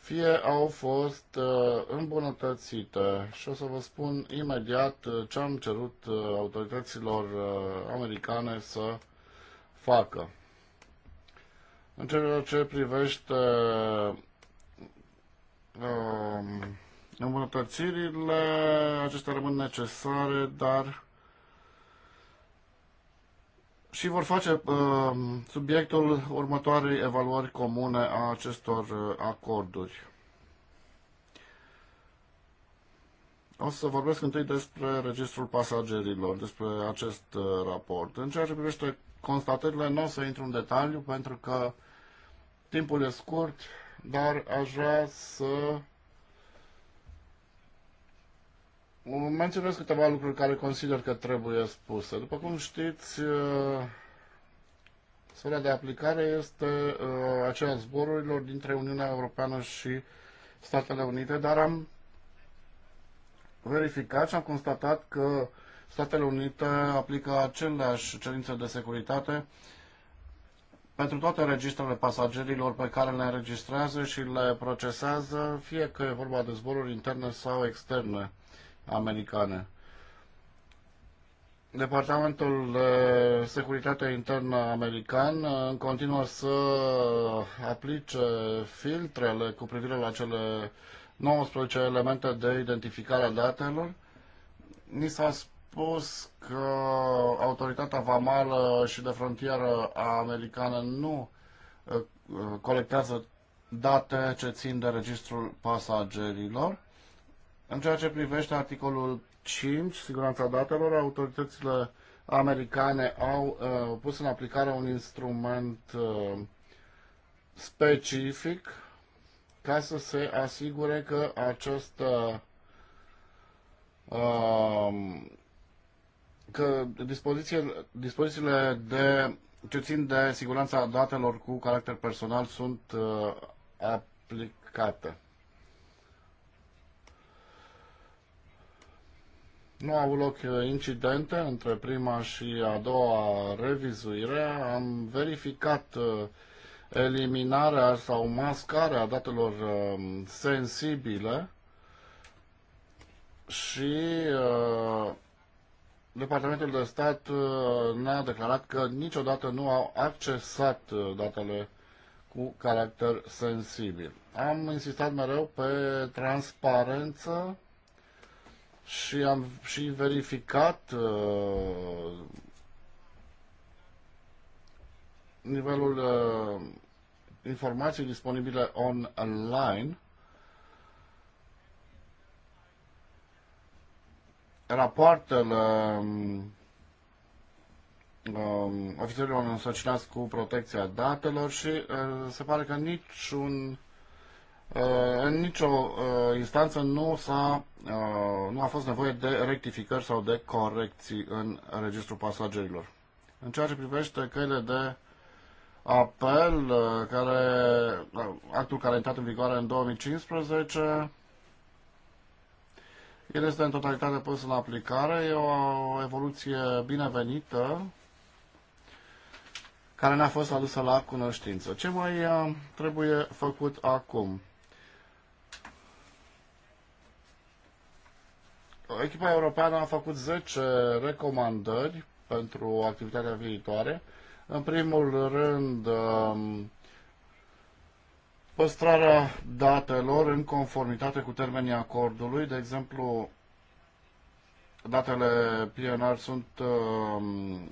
fie au fost uh, îmbunătățite. Și o să vă spun imediat uh, ce am cerut uh, autorităților americane să facă. În ceea ce privește um, îmbunătățirile, acestea rămân necesare, dar și vor face uh, subiectul următoarei evaluări comune a acestor uh, acorduri. O să vorbesc întâi despre registrul pasagerilor, despre acest uh, raport. În ceea ce privește constatările, nu o să intru în detaliu pentru că timpul e scurt, dar aș vrea să menționez câteva lucruri care consider că trebuie spuse. După cum știți, uh, sfera de aplicare este uh, aceea zborurilor dintre Uniunea Europeană și Statele Unite, dar am verificat și am constatat că Statele Unite aplică aceleași cerințe de securitate pentru toate registrele pasagerilor pe care le înregistrează și le procesează, fie că e vorba de zboruri interne sau externe americane. Departamentul de Securitate Internă american uh, în continuă să aplice filtrele cu privire la cele 19 elemente de identificare a datelor. Ni s-a spus că autoritatea vamală și de frontieră americană nu uh, colectează date ce țin de registrul pasagerilor. În ceea ce privește articolul 5, siguranța datelor, autoritățile americane au uh, pus în aplicare un instrument uh, specific ca să se asigure că acest uh, um, că dispozițiile, dispozițiile de ce țin de siguranța datelor cu caracter personal sunt uh, aplicate. Nu au loc uh, incidente între prima și a doua revizuire. Am verificat uh, eliminarea sau mascarea datelor um, sensibile și uh, Departamentul de Stat ne-a declarat că niciodată nu au accesat datele cu caracter sensibil. Am insistat mereu pe transparență și am și verificat uh, nivelul uh, informației disponibile on, online. Rapoartele um, um ofițerilor însăcinați cu protecția datelor și uh, se pare că niciun Eh, în nicio eh, instanță nu, s-a, eh, nu a fost nevoie de rectificări sau de corecții în registrul pasagerilor. În ceea ce privește căile de apel, care, actul care a intrat în vigoare în 2015, el este în totalitate pus în aplicare, e o evoluție binevenită care ne-a fost adusă la cunoștință. Ce mai trebuie făcut acum? Echipa europeană a făcut 10 recomandări pentru activitatea viitoare. În primul rând, um, păstrarea datelor în conformitate cu termenii acordului. De exemplu, datele PNR sunt um,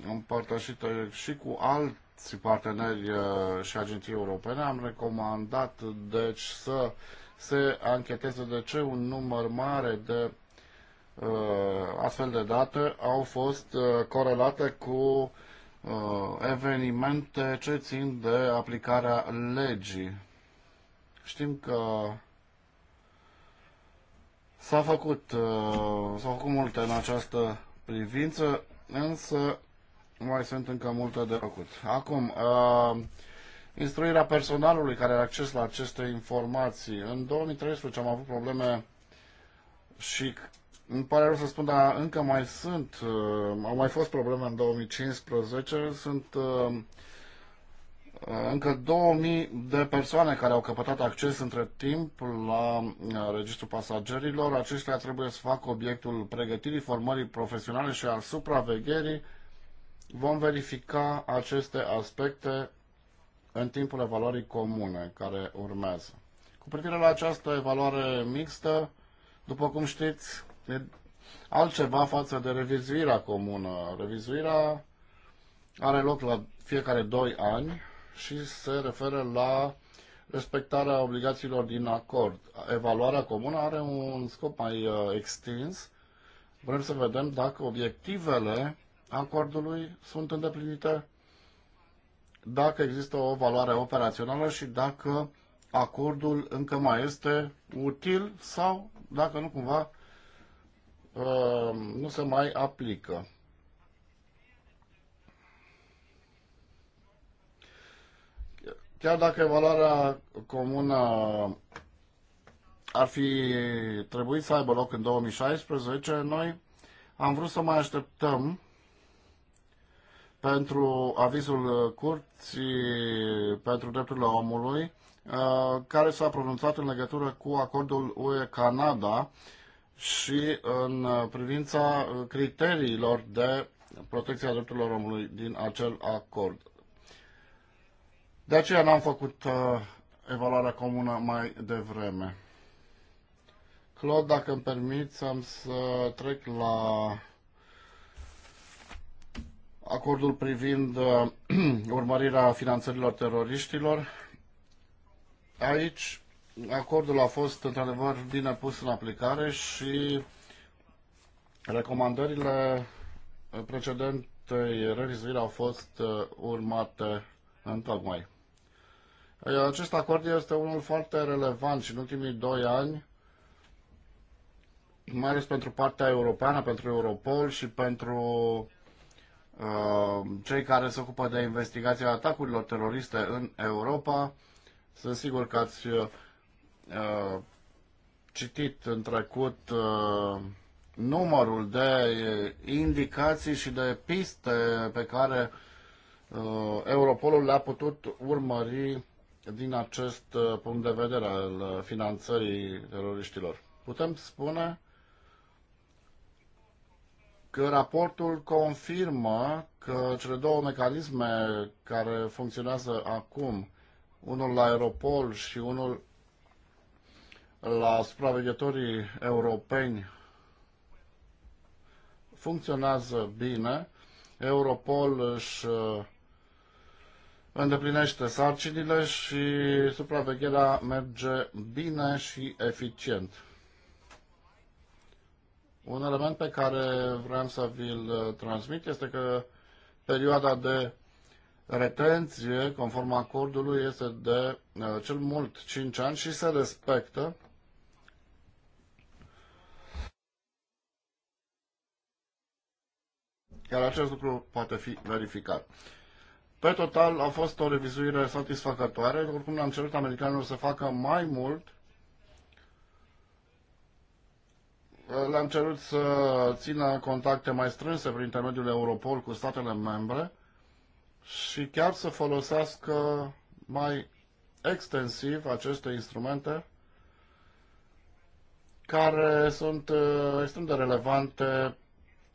împărtășite și cu alți parteneri uh, și agenții europene. Am recomandat, deci, să se ancheteze de ce un număr mare de Uh, astfel de date au fost uh, corelate cu uh, evenimente ce țin de aplicarea legii. Știm că s-a făcut, s-au făcut multe în această privință, însă mai sunt încă multe de făcut. Acum, instruirea personalului care are acces la aceste informații. În 2013 am avut probleme și îmi pare rău să spun, dar încă mai sunt, uh, au mai fost probleme în 2015, sunt uh, uh, încă 2000 de persoane care au căpătat acces între timp la registrul pasagerilor. Aceștia trebuie să facă obiectul pregătirii, formării profesionale și al supravegherii. Vom verifica aceste aspecte în timpul evaluării comune care urmează. Cu privire la această evaluare mixtă, după cum știți, E altceva față de revizuirea comună. Revizuirea are loc la fiecare 2 ani și se referă la respectarea obligațiilor din acord. Evaluarea comună are un scop mai uh, extins. Vrem să vedem dacă obiectivele acordului sunt îndeplinite, dacă există o valoare operațională și dacă acordul încă mai este util sau dacă nu cumva Uh, nu se mai aplică. Chiar dacă evaluarea comună ar fi trebuit să aibă loc în 2016, noi am vrut să mai așteptăm pentru avizul Curții pentru Drepturile Omului, uh, care s-a pronunțat în legătură cu acordul UE-Canada și în uh, privința uh, criteriilor de protecție a drepturilor omului din acel acord. De aceea n-am făcut uh, evaluarea comună mai devreme. Claude, dacă îmi permiți, am să trec la acordul privind uh, [CLEARS THROAT] urmărirea finanțărilor teroriștilor. Aici acordul a fost într-adevăr bine pus în aplicare și recomandările precedentei revizuiri au fost uh, urmate în tocmai. Acest acord este unul foarte relevant și în ultimii doi ani, mai ales pentru partea europeană, pentru Europol și pentru uh, cei care se ocupă de investigația atacurilor teroriste în Europa. Sunt sigur că ați uh, Uh, citit în trecut uh, numărul de eh, indicații și de piste pe care uh, Europolul le-a putut urmări din acest punct de vedere al finanțării teroriștilor. Putem spune că raportul confirmă că cele două mecanisme care funcționează acum, unul la Europol și unul la supraveghetorii europeni funcționează bine, Europol își uh, îndeplinește sarcinile și supravegherea merge bine și eficient. Un element pe care vreau să vi-l uh, transmit este că perioada de retenție, conform acordului, este de uh, cel mult 5 ani și se respectă. iar acest lucru poate fi verificat. Pe total a fost o revizuire satisfăcătoare, oricum ne-am cerut americanilor să facă mai mult le-am cerut să țină contacte mai strânse prin intermediul Europol cu statele membre și chiar să folosească mai extensiv aceste instrumente care sunt uh, extrem de relevante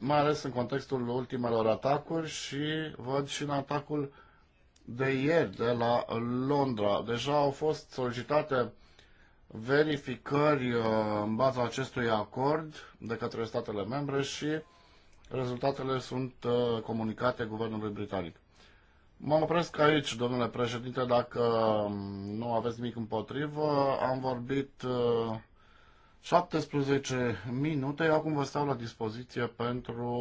mai ales în contextul ultimelor atacuri și văd și în atacul de ieri de la Londra. Deja au fost solicitate verificări uh, în baza acestui acord de către statele membre și rezultatele sunt uh, comunicate guvernului britanic. Mă opresc aici, domnule președinte, dacă um, nu aveți nimic împotrivă. Am vorbit uh, 17 minute. Acum vă stau la dispoziție pentru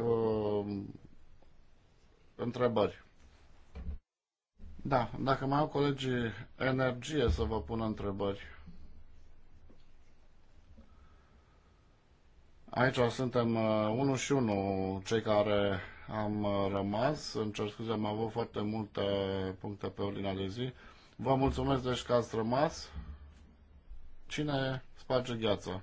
uh, întrebări. Da, dacă mai au colegii energie să vă pună întrebări. Aici suntem uh, unul și unul, cei care am uh, rămas. Îmi cer scuze, am avut foarte multe puncte pe ordinea de zi. Vă mulțumesc deci că ați rămas. Cine sparge gheața?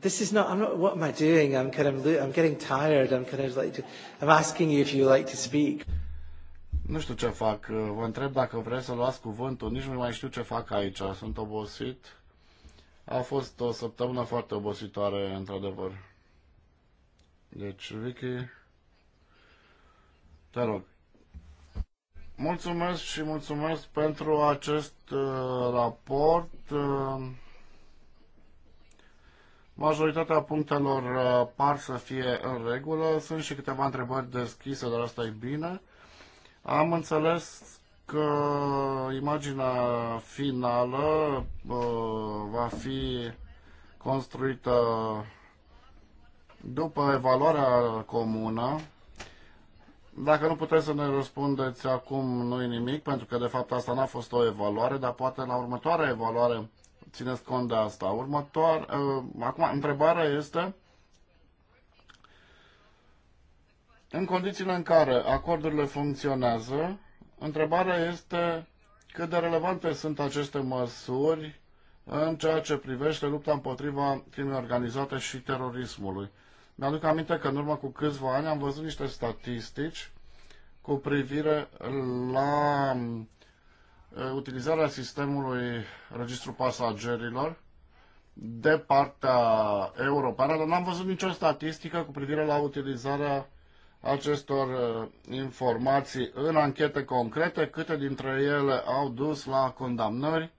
This is not, I'm not, what am I doing? I'm kind of, I'm getting tired. I'm kind of like, to, I'm asking you if you like to speak. Nu știu ce fac. Vă întreb dacă vreți să luați cuvântul. Nici nu mai știu ce fac aici. Sunt obosit. A fost o săptămână foarte obositoare, într-adevăr. Deci, Vicky, te rog. Mulțumesc și mulțumesc pentru acest uh, raport. Uh, majoritatea punctelor uh, par să fie în regulă. Sunt și câteva întrebări deschise, dar asta e bine. Am înțeles că imaginea finală uh, va fi construită după evaluarea comună dacă nu puteți să ne răspundeți acum, nu-i nimic, pentru că de fapt asta n-a fost o evaluare, dar poate la următoarea evaluare țineți cont de asta. Următoare, uh, acum, întrebarea este în condițiile în care acordurile funcționează, întrebarea este cât de relevante sunt aceste măsuri în ceea ce privește lupta împotriva crimei organizate și terorismului. Mi-aduc aminte că în urmă cu câțiva ani am văzut niște statistici cu privire la uh, utilizarea sistemului registru pasagerilor de partea europeană, dar n-am văzut nicio statistică cu privire la utilizarea acestor uh, informații în anchete concrete, câte dintre ele au dus la condamnări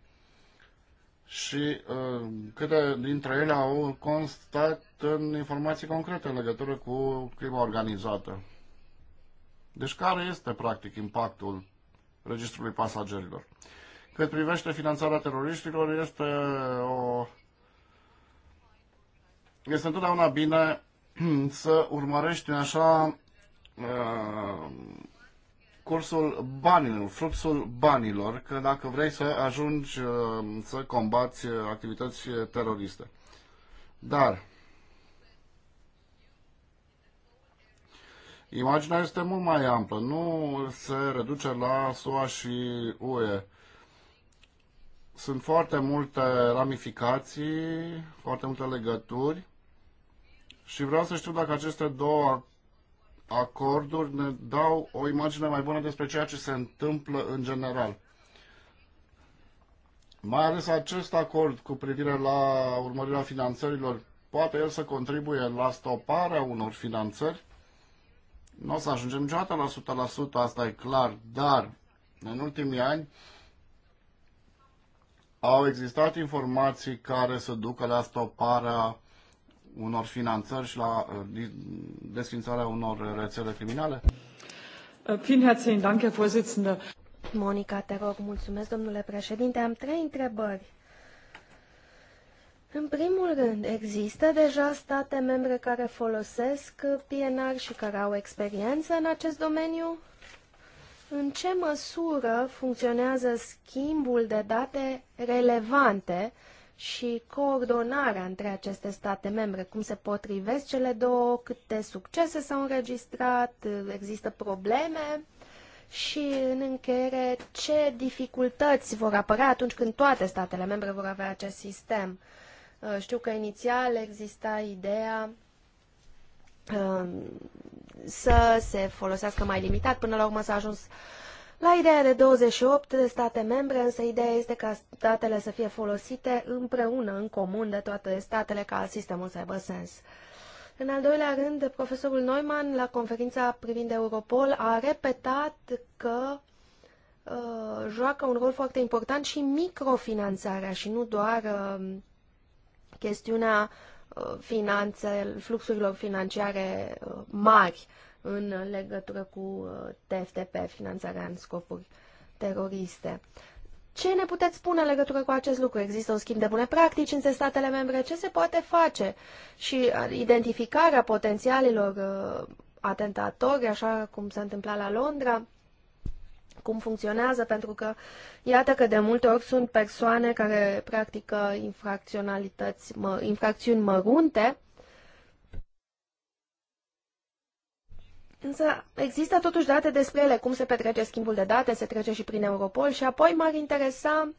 și uh, câte dintre ele au constat în informații concrete în legătură cu crima organizată. Deci care este practic impactul registrului pasagerilor? Cât privește finanțarea teroriștilor, este o... Este întotdeauna bine [CLEARS THROAT] să urmărești în așa uh, cursul banilor, fluxul banilor, că dacă vrei să ajungi uh, să combați activități teroriste. Dar imaginea este mult mai amplă, nu se reduce la SUA și UE. Sunt foarte multe ramificații, foarte multe legături și vreau să știu dacă aceste două acorduri ne dau o imagine mai bună despre ceea ce se întâmplă în general. Mai ales acest acord cu privire la urmărirea finanțărilor, poate el să contribuie la stoparea unor finanțări nu o să ajungem niciodată la 100%, asta e clar, dar în ultimii ani au existat informații care să ducă la stoparea unor finanțări și la eh, desfințarea unor rețele criminale? Äh, vielen herzlichen Dank, Herr Vorsitzender. Monica, te rog, mulțumesc, domnule președinte. Am trei întrebări. În primul rând, există deja state membre care folosesc PNR și care au experiență în acest domeniu? În ce măsură funcționează schimbul de date relevante și coordonarea între aceste state membre? Cum se potrivesc cele două? Câte succese s-au înregistrat? Există probleme? Și în încheiere, ce dificultăți vor apărea atunci când toate statele membre vor avea acest sistem? Uh, știu că inițial exista ideea um, să se folosească mai limitat, până la urmă s-a ajuns la ideea de 28 de state membre, însă ideea este ca statele să fie folosite împreună, în comun, de toate statele, ca sistemul să aibă sens. În al doilea rând, profesorul Neumann, la conferința privind Europol, a repetat că uh, joacă un rol foarte important și microfinanțarea și nu doar uh, chestiunea uh, fluxurilor financiare uh, mari în legătură cu uh, TFTP, finanțarea în scopuri teroriste. Ce ne puteți spune în legătură cu acest lucru? Există un schimb de bune practici între statele membre? Ce se poate face? Și identificarea potențialilor atentatori, așa cum s-a întâmplat la Londra? cum funcționează, pentru că iată că de multe ori sunt persoane care practică infracționalități, mă, infracțiuni mărunte, Însă există totuși date despre ele, cum se petrece schimbul de date, se trece și prin Europol și apoi m-ar interesa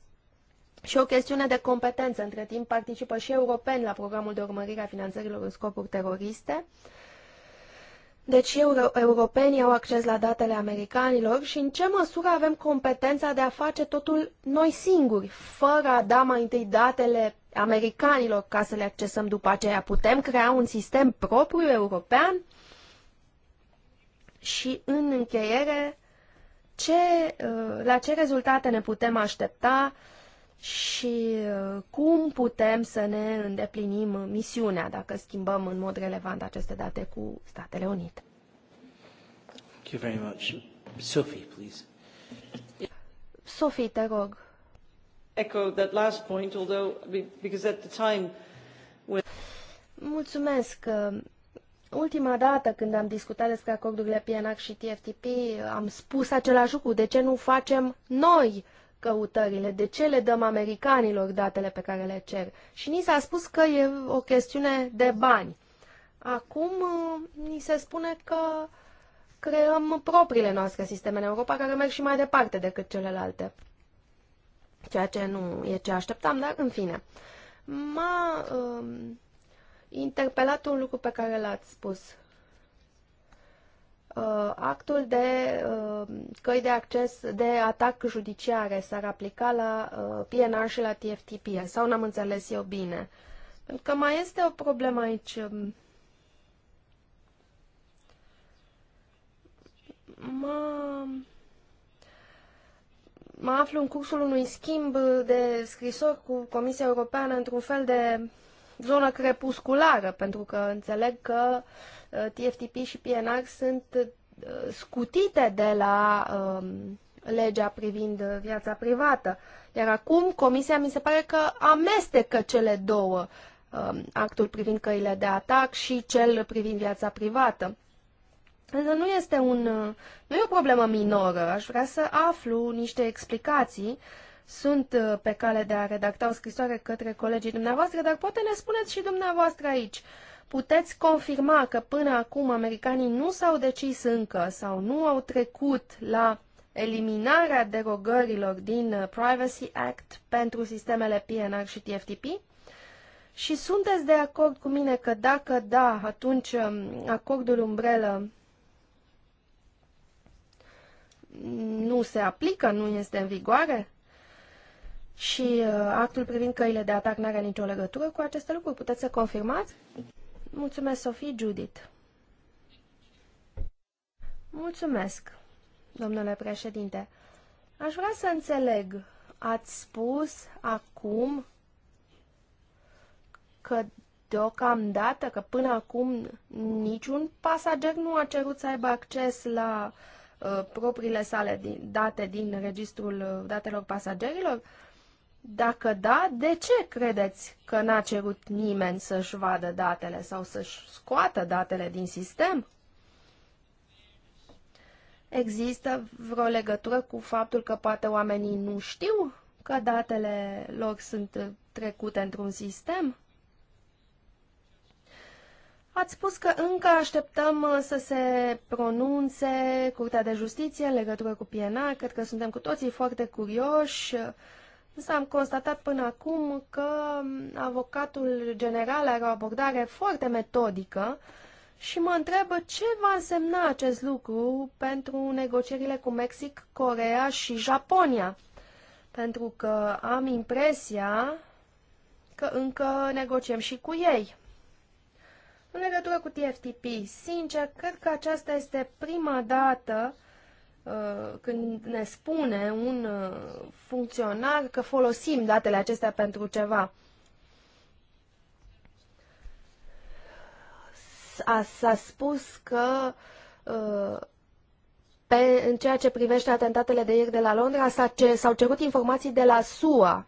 și o chestiune de competență. Între timp participă și europeni la programul de urmărire a finanțărilor în scopuri teroriste. Uh, deci euro europenii au acces la datele americanilor și în ce măsură avem competența de a face totul noi singuri, fără a da mai întâi datele americanilor ca să le accesăm după aceea? Putem crea un sistem propriu european? Și în încheiere, ce, uh, la ce rezultate ne putem aștepta uh, și uh, cum putem să ne îndeplinim misiunea dacă schimbăm în mod relevant aceste date cu Statele Unite. Thank you very much. Sophie, please. Sophie, te rog. Echo that last point, although because at the time when... Mulțumesc. Ultima dată când am discutat despre acordurile PNAC și TFTP, am spus același lucru. De ce nu facem noi uh, căutările, de ce le dăm americanilor datele pe care le cer. Și ni s-a spus că e o chestiune de bani. Acum uh, ni se spune că creăm propriile noastre sisteme în Europa care merg și mai departe decât celelalte. Ceea ce nu e ce așteptam, dar în fine. M-a uh, interpelat un lucru pe care l-ați spus. Uh, actul de uh, căi de acces de atac judiciare s-ar aplica la uh, PNR și la TFTP, sau n-am înțeles eu bine? Pentru că mai este o problemă aici. Um, mă... mă aflu în cursul unui schimb de scrisori cu Comisia Europeană într-un fel de zonă crepusculară, pentru că înțeleg că uh, Uh, TFTP și PNR sunt uh, scutite de la um, legea privind uh, viața privată. Iar acum Comisia mi se pare că amestecă cele două, um, actul privind căile de atac și cel privind viața privată. Însă nu este un, nu e o problemă minoră. Aș vrea să aflu niște explicații. Sunt pe cale de a redacta o scrisoare către colegii dumneavoastră, dar poate ne spuneți și dumneavoastră aici. Uh, Puteți confirma că până acum americanii nu s-au decis încă sau nu au trecut la eliminarea derogărilor din uh, Privacy Act pentru sistemele PNR și TFTP? Și sunteți de acord cu mine că dacă da, atunci um, acordul umbrelă nu se aplică, nu este în vigoare? Și uh, actul privind căile de atac nu are nicio legătură cu aceste lucruri? Puteți să confirmați? Mulțumesc, Sofie Judith. Mulțumesc, domnule președinte. Aș vrea să înțeleg. Ați spus acum că deocamdată, că până acum niciun pasager nu a cerut să aibă acces la uh, propriile sale din, date din registrul uh, datelor pasagerilor? Uh, dacă da, de ce credeți că n-a cerut nimeni să-și vadă datele sau să-și scoată datele din sistem? Există vreo legătură cu faptul că poate oamenii nu știu că datele lor sunt trecute într-un sistem? Ați spus că încă așteptăm uh, să se pronunțe Curtea de Justiție în legătură cu PNR. Cred că suntem cu toții foarte curioși uh, Însă am constatat până acum că avocatul general are o abordare foarte metodică și mă întrebă ce va însemna acest lucru pentru negocierile cu Mexic, Corea și Japonia. Pentru că am impresia că încă negociem și cu ei. În legătură cu TFTP, sincer, cred că aceasta este prima dată Uh, când ne spune un uh, funcționar că folosim datele acestea pentru ceva. S-a spus că uh, pe, în ceea ce privește atentatele de ieri de la Londra s-au cerut informații de la SUA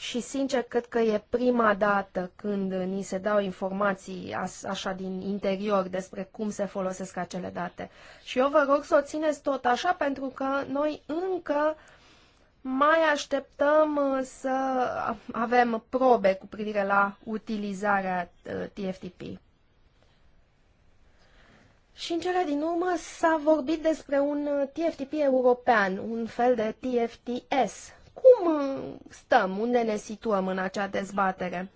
și sincer cred că e prima dată când ni se dau informații așa din interior despre cum se folosesc acele date. Și eu vă rog să o țineți tot așa pentru că noi încă mai așteptăm uh, să avem probe cu privire la utilizarea uh, TFTP. Și în cele din urmă s-a vorbit despre un uh, TFTP european, un fel de TFTS, cum uh, stăm? Unde ne situăm în acea dezbatere?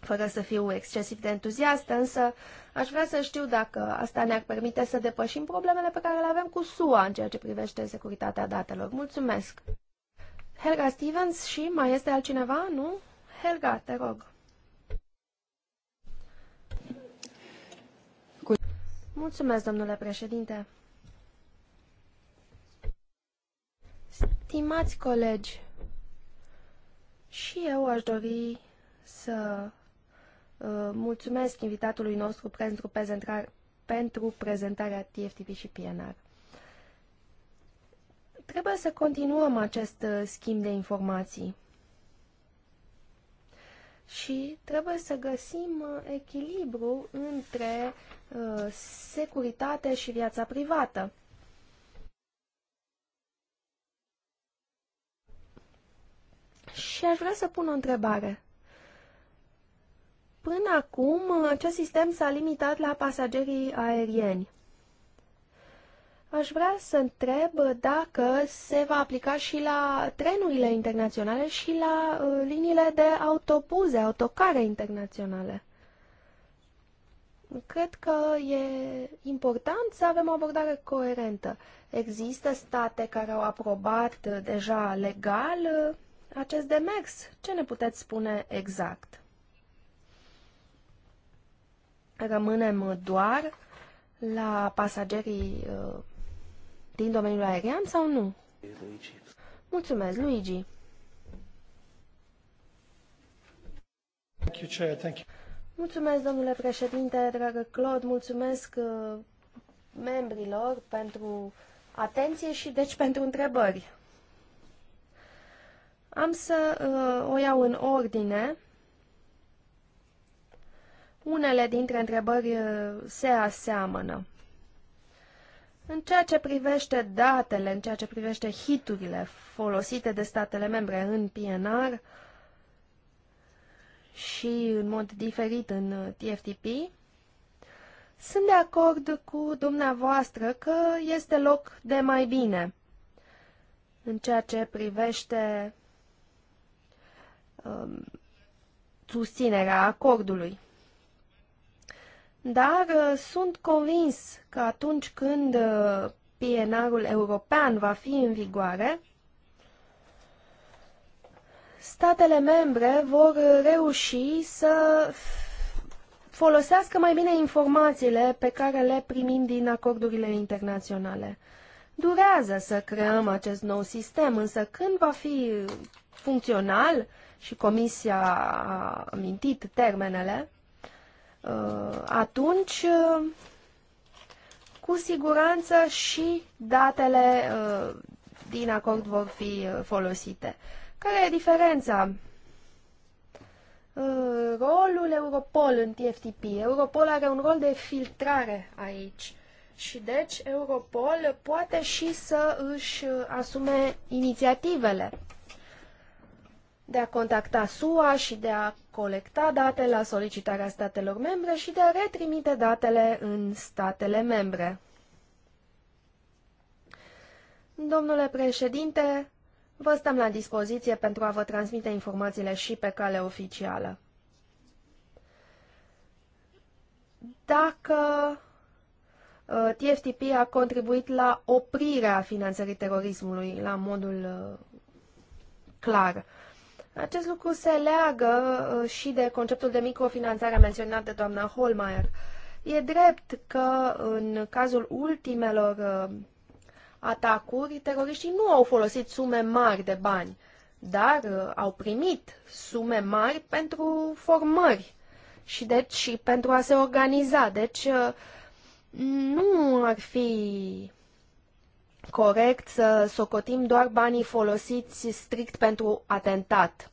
Fără să fiu excesiv de entuziastă, însă aș vrea să știu dacă asta ne-ar permite să depășim problemele pe care le avem cu SUA în ceea ce privește securitatea datelor. Mulțumesc! Helga Stevens și mai este altcineva, nu? Helga, te rog. Mulțumesc, domnule președinte. Stimați colegi, și eu aș dori să uh, mulțumesc invitatului nostru pentru, pentru prezentarea TFTP și PNR. Trebuie să continuăm acest uh, schimb de informații și trebuie să găsim uh, echilibru între uh, securitate și viața privată. și aș vrea să pun o întrebare. Până acum, acest sistem s-a limitat la pasagerii aerieni. Aș vrea să întreb dacă se va aplica și la trenurile internaționale și la uh, liniile de autobuze, autocare internaționale. Cred că e important să avem o abordare coerentă. Există state care au aprobat uh, deja legal uh, acest demex, Ce ne puteți spune exact? Rămânem doar la pasagerii uh, din domeniul aerian sau nu? Mulțumesc, Luigi. Thank you, Chair. Thank you. Mulțumesc, domnule președinte, dragă Claude, mulțumesc uh, membrilor pentru atenție și deci pentru întrebări. Am să uh, o iau în ordine. Unele dintre întrebări uh, se aseamănă. În ceea ce privește datele, în ceea ce privește hiturile folosite de statele membre în PNR și în mod diferit în uh, TFTP, sunt de acord cu dumneavoastră că este loc de mai bine în ceea ce privește um, susținerea acordului. Dar uh, sunt convins că atunci când uh, PNR-ul european va fi în vigoare, statele membre vor uh, reuși să folosească mai bine informațiile pe care le primim din acordurile internaționale. Durează să creăm acest nou sistem, însă când va fi funcțional, și Comisia a amintit termenele, uh, atunci uh, cu siguranță și datele uh, din acord vor fi folosite. Care e diferența? Rolul Europol în TFTP. Europol are un rol de filtrare aici. Și deci Europol poate și să își asume inițiativele de a contacta SUA și de a colecta date la solicitarea statelor membre și de a retrimite datele în statele membre. Domnule președinte, vă stăm la dispoziție pentru a vă transmite informațiile și pe cale oficială. Dacă uh, TFTP a contribuit la oprirea finanțării terorismului la modul uh, clar, acest lucru se leagă uh, și de conceptul de microfinanțare menționat de doamna Holmeier. E drept că în cazul ultimelor uh, atacuri, teroriștii nu au folosit sume mari de bani, dar uh, au primit sume mari pentru formări și deci și pentru a se organiza. Deci nu ar fi corect să socotim doar banii folosiți strict pentru atentat.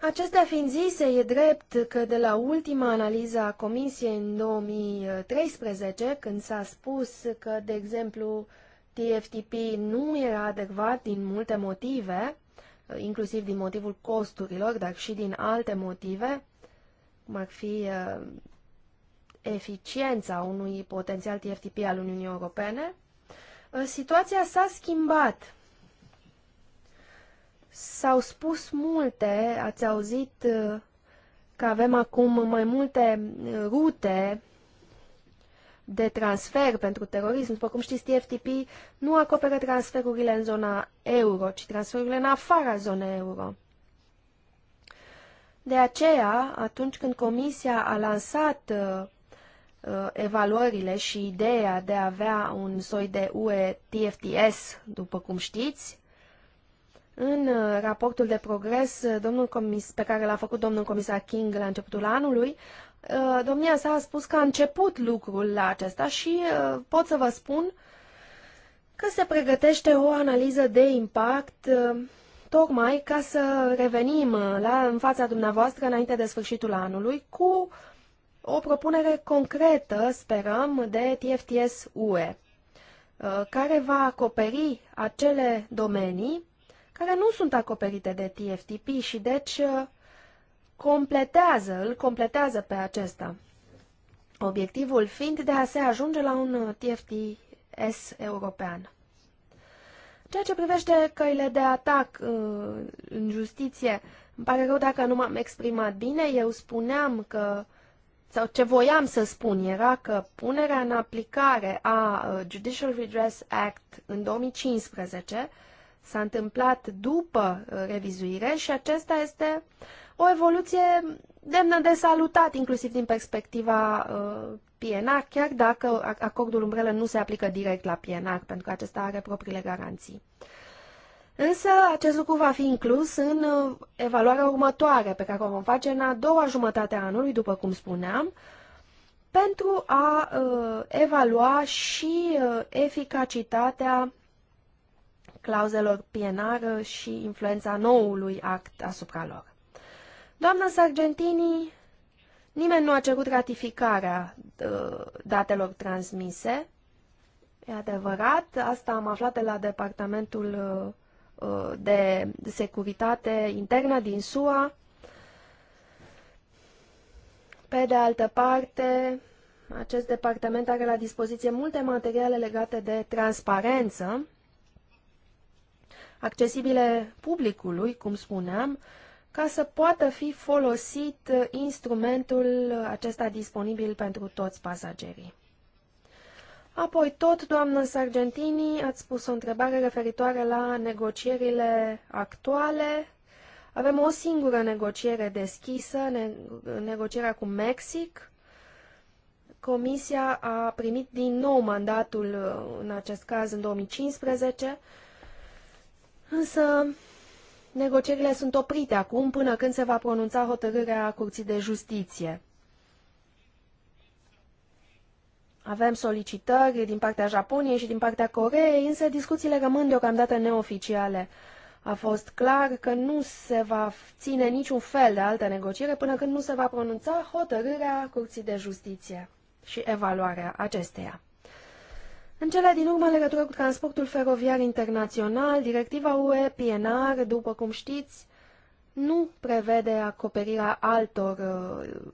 Acestea fiind zise, e drept că de la ultima analiză a Comisiei în 2013, când s-a spus că, de exemplu, TFTP nu era adecvat din multe motive, inclusiv din motivul costurilor, dar și din alte motive, cum ar fi uh, eficiența unui potențial TFTP al Uniunii Europene, Ă, situația s-a schimbat. S-au spus multe, ați auzit ă, că avem acum mai multe ă, rute de transfer pentru terorism. După cum știți, TFTP nu acoperă transferurile în zona euro, ci transferurile în afara zonei euro. De aceea, atunci când Comisia a lansat Uh, evaluările și ideea de a avea un soi de UE TFTS, după cum știți, în uh, raportul de progres uh, domnul comis, pe care l-a făcut domnul comisar King la începutul anului, domnia sa a spus că a început lucrul la acesta și pot să vă spun că se pregătește o analiză de impact tocmai ca să revenim la, în fața dumneavoastră înainte de sfârșitul anului cu o propunere concretă, sperăm, de TFTS UE, uh, care va acoperi acele domenii care nu sunt acoperite de TFTP și deci uh, completează, îl completează pe acesta. Obiectivul fiind de a se ajunge la un TFTS european. Ceea ce privește căile de atac uh, în justiție, îmi pare rău dacă nu m-am exprimat bine, eu spuneam că uh, sau ce voiam să spun era că punerea în aplicare a uh, Judicial Redress Act în 2015 s-a întâmplat după uh, revizuire și acesta este o evoluție demnă de salutat, inclusiv din perspectiva uh, PNR, chiar dacă acordul umbrelă nu se aplică direct la PNR, pentru că acesta are propriile garanții. Însă acest lucru va fi inclus în uh, evaluarea următoare pe care o vom face în a doua jumătate a anului, după cum spuneam, pentru a uh, evalua și uh, eficacitatea clauzelor PNR și influența noului act asupra lor. Doamna Sargentini, nimeni nu a cerut ratificarea uh, datelor transmise. E adevărat, asta am aflat de la departamentul uh, Uh, de securitate internă din SUA. Pe de altă parte, acest departament are la dispoziție multe materiale legate de transparență, accesibile publicului, cum spuneam, ca să poată fi folosit instrumentul acesta disponibil pentru toți pasagerii. Apoi tot, doamnă Sargentini, ați pus o întrebare referitoare la negocierile actuale. Avem o singură negociere deschisă, ne negocierea cu Mexic. Comisia a primit din nou mandatul, în acest caz, în 2015, însă negocierile sunt oprite acum până când se va pronunța hotărârea Curții de Justiție. Avem solicitări din partea Japoniei și din partea Coreei, însă discuțiile rămân deocamdată neoficiale. A fost clar că nu se va ține niciun fel de altă negociere până când nu se va pronunța hotărârea Curții de Justiție și evaluarea acesteia. În cele din urmă, legătură cu transportul feroviar internațional, directiva UE PNR, după cum știți, nu prevede acoperirea altor uh,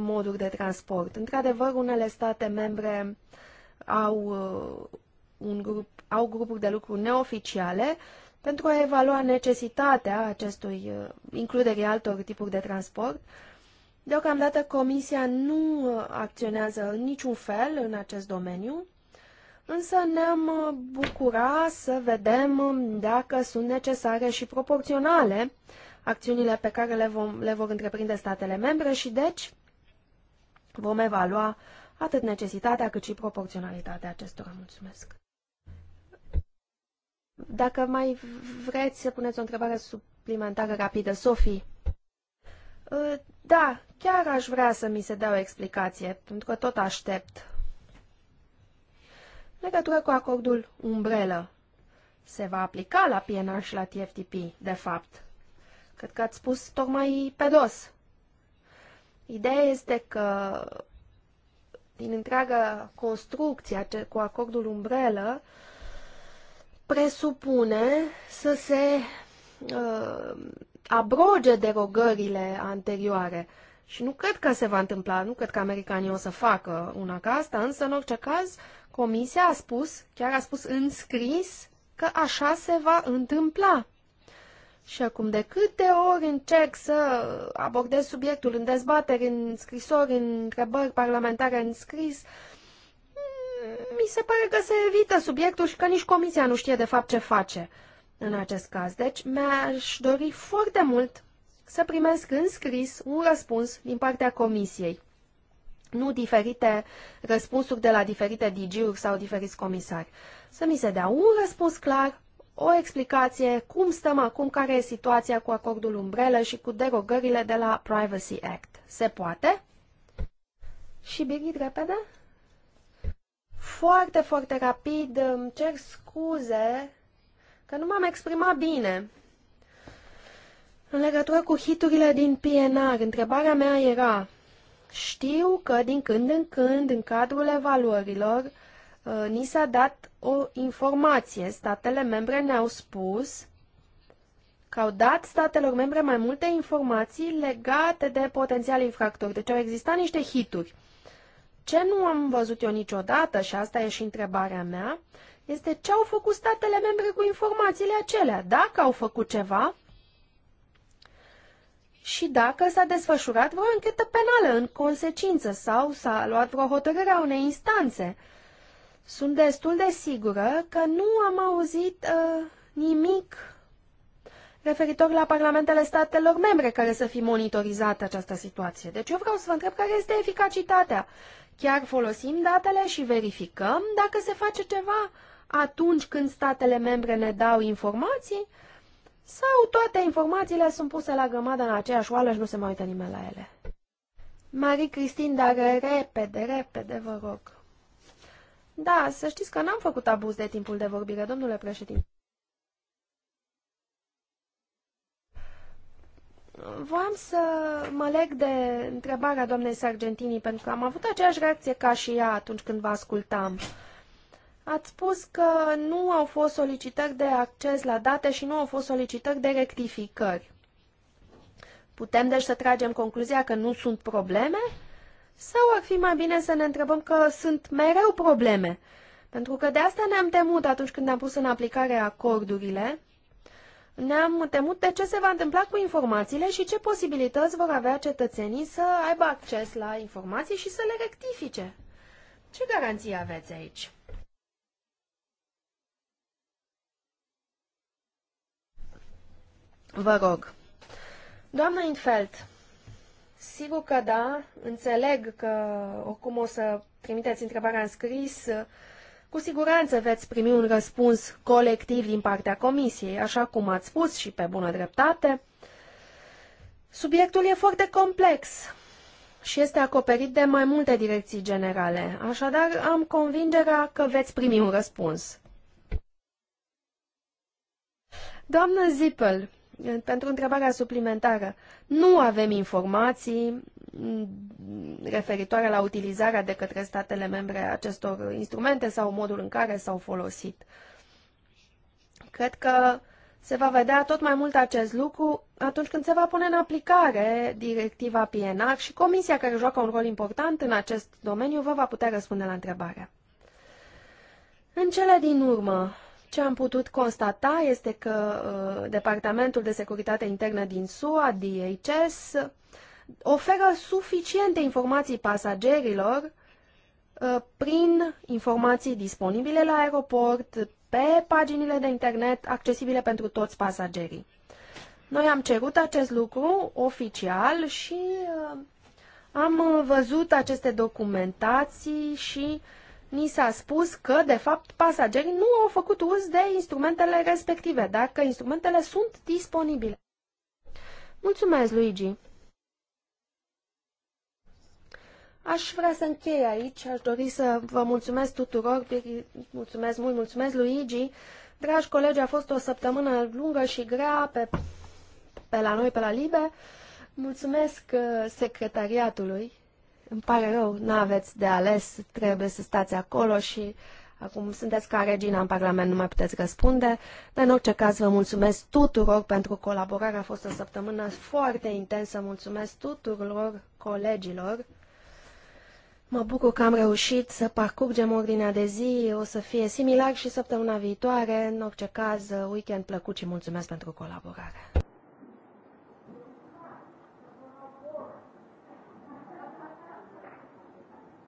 moduri de transport. Într-adevăr, unele state membre au, uh, un grup, au grupuri de lucru neoficiale pentru a evalua necesitatea acestui uh, includerii altor tipuri de transport. Deocamdată Comisia nu uh, acționează în niciun fel în acest domeniu, însă ne-am bucura să vedem um, dacă sunt necesare și proporționale acțiunile pe care le, vom, le vor întreprinde statele membre și deci Vom evalua atât necesitatea cât și proporționalitatea acestora. Mulțumesc. Dacă mai vreți să puneți o întrebare suplimentară rapidă, Sofie. Ă, da, chiar aș vrea să mi se dea o explicație, pentru că tot aștept. Legătură cu acordul umbrelă. Se va aplica la PNR și la TFTP, de fapt. Cred că ați spus tocmai pe dos. Ideea este că din întreaga construcție cu acordul umbrelă presupune să se uh, abroge derogările anterioare. Și nu cred că se va întâmpla, nu cred că americanii o să facă una ca asta, însă în orice caz comisia a spus, chiar a spus în scris, că așa se va întâmpla. Și acum, de câte ori încerc să abordez subiectul în dezbateri, în scrisori, în întrebări parlamentare, în scris, mi se pare că se evită subiectul și că nici comisia nu știe de fapt ce face în acest caz. Deci, mi-aș dori foarte mult să primesc în scris un răspuns din partea comisiei, nu diferite răspunsuri de la diferite DG-uri sau diferiți comisari. Să mi se dea un răspuns clar o explicație cum stăm acum, care e situația cu acordul umbrelă și cu derogările de la Privacy Act. Se poate? Și Birgit, repede? Foarte, foarte rapid, îmi cer scuze că nu m-am exprimat bine. În legătură cu hiturile din PNR, întrebarea mea era, știu că din când în când, în cadrul evaluărilor, Uh, ni s-a dat o informație. Statele membre ne-au spus că au dat statelor membre mai multe informații legate de potențial infractori. Deci au existat niște hituri. Ce nu am văzut eu niciodată, și asta e și întrebarea mea, este ce au făcut statele membre cu informațiile acelea, dacă au făcut ceva și dacă s-a desfășurat vreo închetă penală în consecință sau s-a luat vreo hotărâre a unei instanțe. Uh, sunt destul de sigură că nu am auzit uh, nimic referitor la parlamentele statelor membre care să fi monitorizat această situație. Deci eu vreau să vă întreb care este eficacitatea. Chiar folosim datele și verificăm dacă se face ceva atunci când statele membre ne dau informații sau toate informațiile sunt puse la grămadă în aceeași oală și nu se mai uită nimeni la ele. Marie Cristin, dar repede, repede, vă rog. Da, să știți că n-am făcut abuz de timpul de vorbire, domnule președinte. Voiam să mă leg de întrebarea doamnei Sargentini, pentru că am avut aceeași reacție ca și ea atunci când vă ascultam. Ați spus că nu au fost solicitări de acces la date și nu au fost solicitări de rectificări. Putem deci să tragem concluzia că nu sunt probleme? Sau ar fi mai bine să ne întrebăm că sunt mereu probleme? Pentru că de asta ne-am temut atunci când am pus în aplicare acordurile. Ne-am temut de ce se va întâmpla cu informațiile și ce posibilități vor avea cetățenii să aibă acces la informații și să le rectifice. Ce garanții aveți aici? Vă rog. Doamna Infeld, Sigur că da, înțeleg că oricum o să trimiteți întrebarea în scris, cu siguranță veți primi un răspuns colectiv din partea Comisiei, așa cum ați spus și pe bună dreptate. Subiectul e foarte complex și este acoperit de mai multe direcții generale, așadar am convingerea că veți primi un răspuns. Doamnă Zippel, pentru întrebarea suplimentară. Nu avem informații referitoare la utilizarea de către statele membre acestor instrumente sau modul în care s-au folosit. Cred că se va vedea tot mai mult acest lucru atunci când se va pune în aplicare directiva PNR și comisia care joacă un rol important în acest domeniu vă va putea răspunde la întrebare. În cele din urmă, ce am putut constata este că uh, Departamentul de Securitate Internă din SUA, DHS, oferă suficiente informații pasagerilor uh, prin informații disponibile la aeroport, pe paginile de internet, accesibile pentru toți pasagerii. Noi am cerut acest lucru oficial și uh, am văzut aceste documentații și uh, ni s-a spus că, de fapt, pasagerii nu au făcut uz de instrumentele respective, dar că instrumentele sunt disponibile. Mulțumesc, Luigi! Aș vrea să închei aici, aș dori să vă mulțumesc tuturor, mulțumesc mult, mulțumesc Luigi. Dragi colegi, a fost o săptămână lungă și grea pe, pe la noi, pe la Libe. Mulțumesc uh, secretariatului îmi pare rău, nu aveți de ales, trebuie să stați acolo și acum sunteți ca regina în Parlament, nu mai puteți răspunde. Dar în orice caz vă mulțumesc tuturor pentru colaborare, a fost o săptămână foarte intensă, mulțumesc tuturor colegilor. Mă bucur că am reușit să parcurgem ordinea de zi, o să fie similar și săptămâna viitoare. În orice caz, weekend plăcut și mulțumesc pentru colaborare.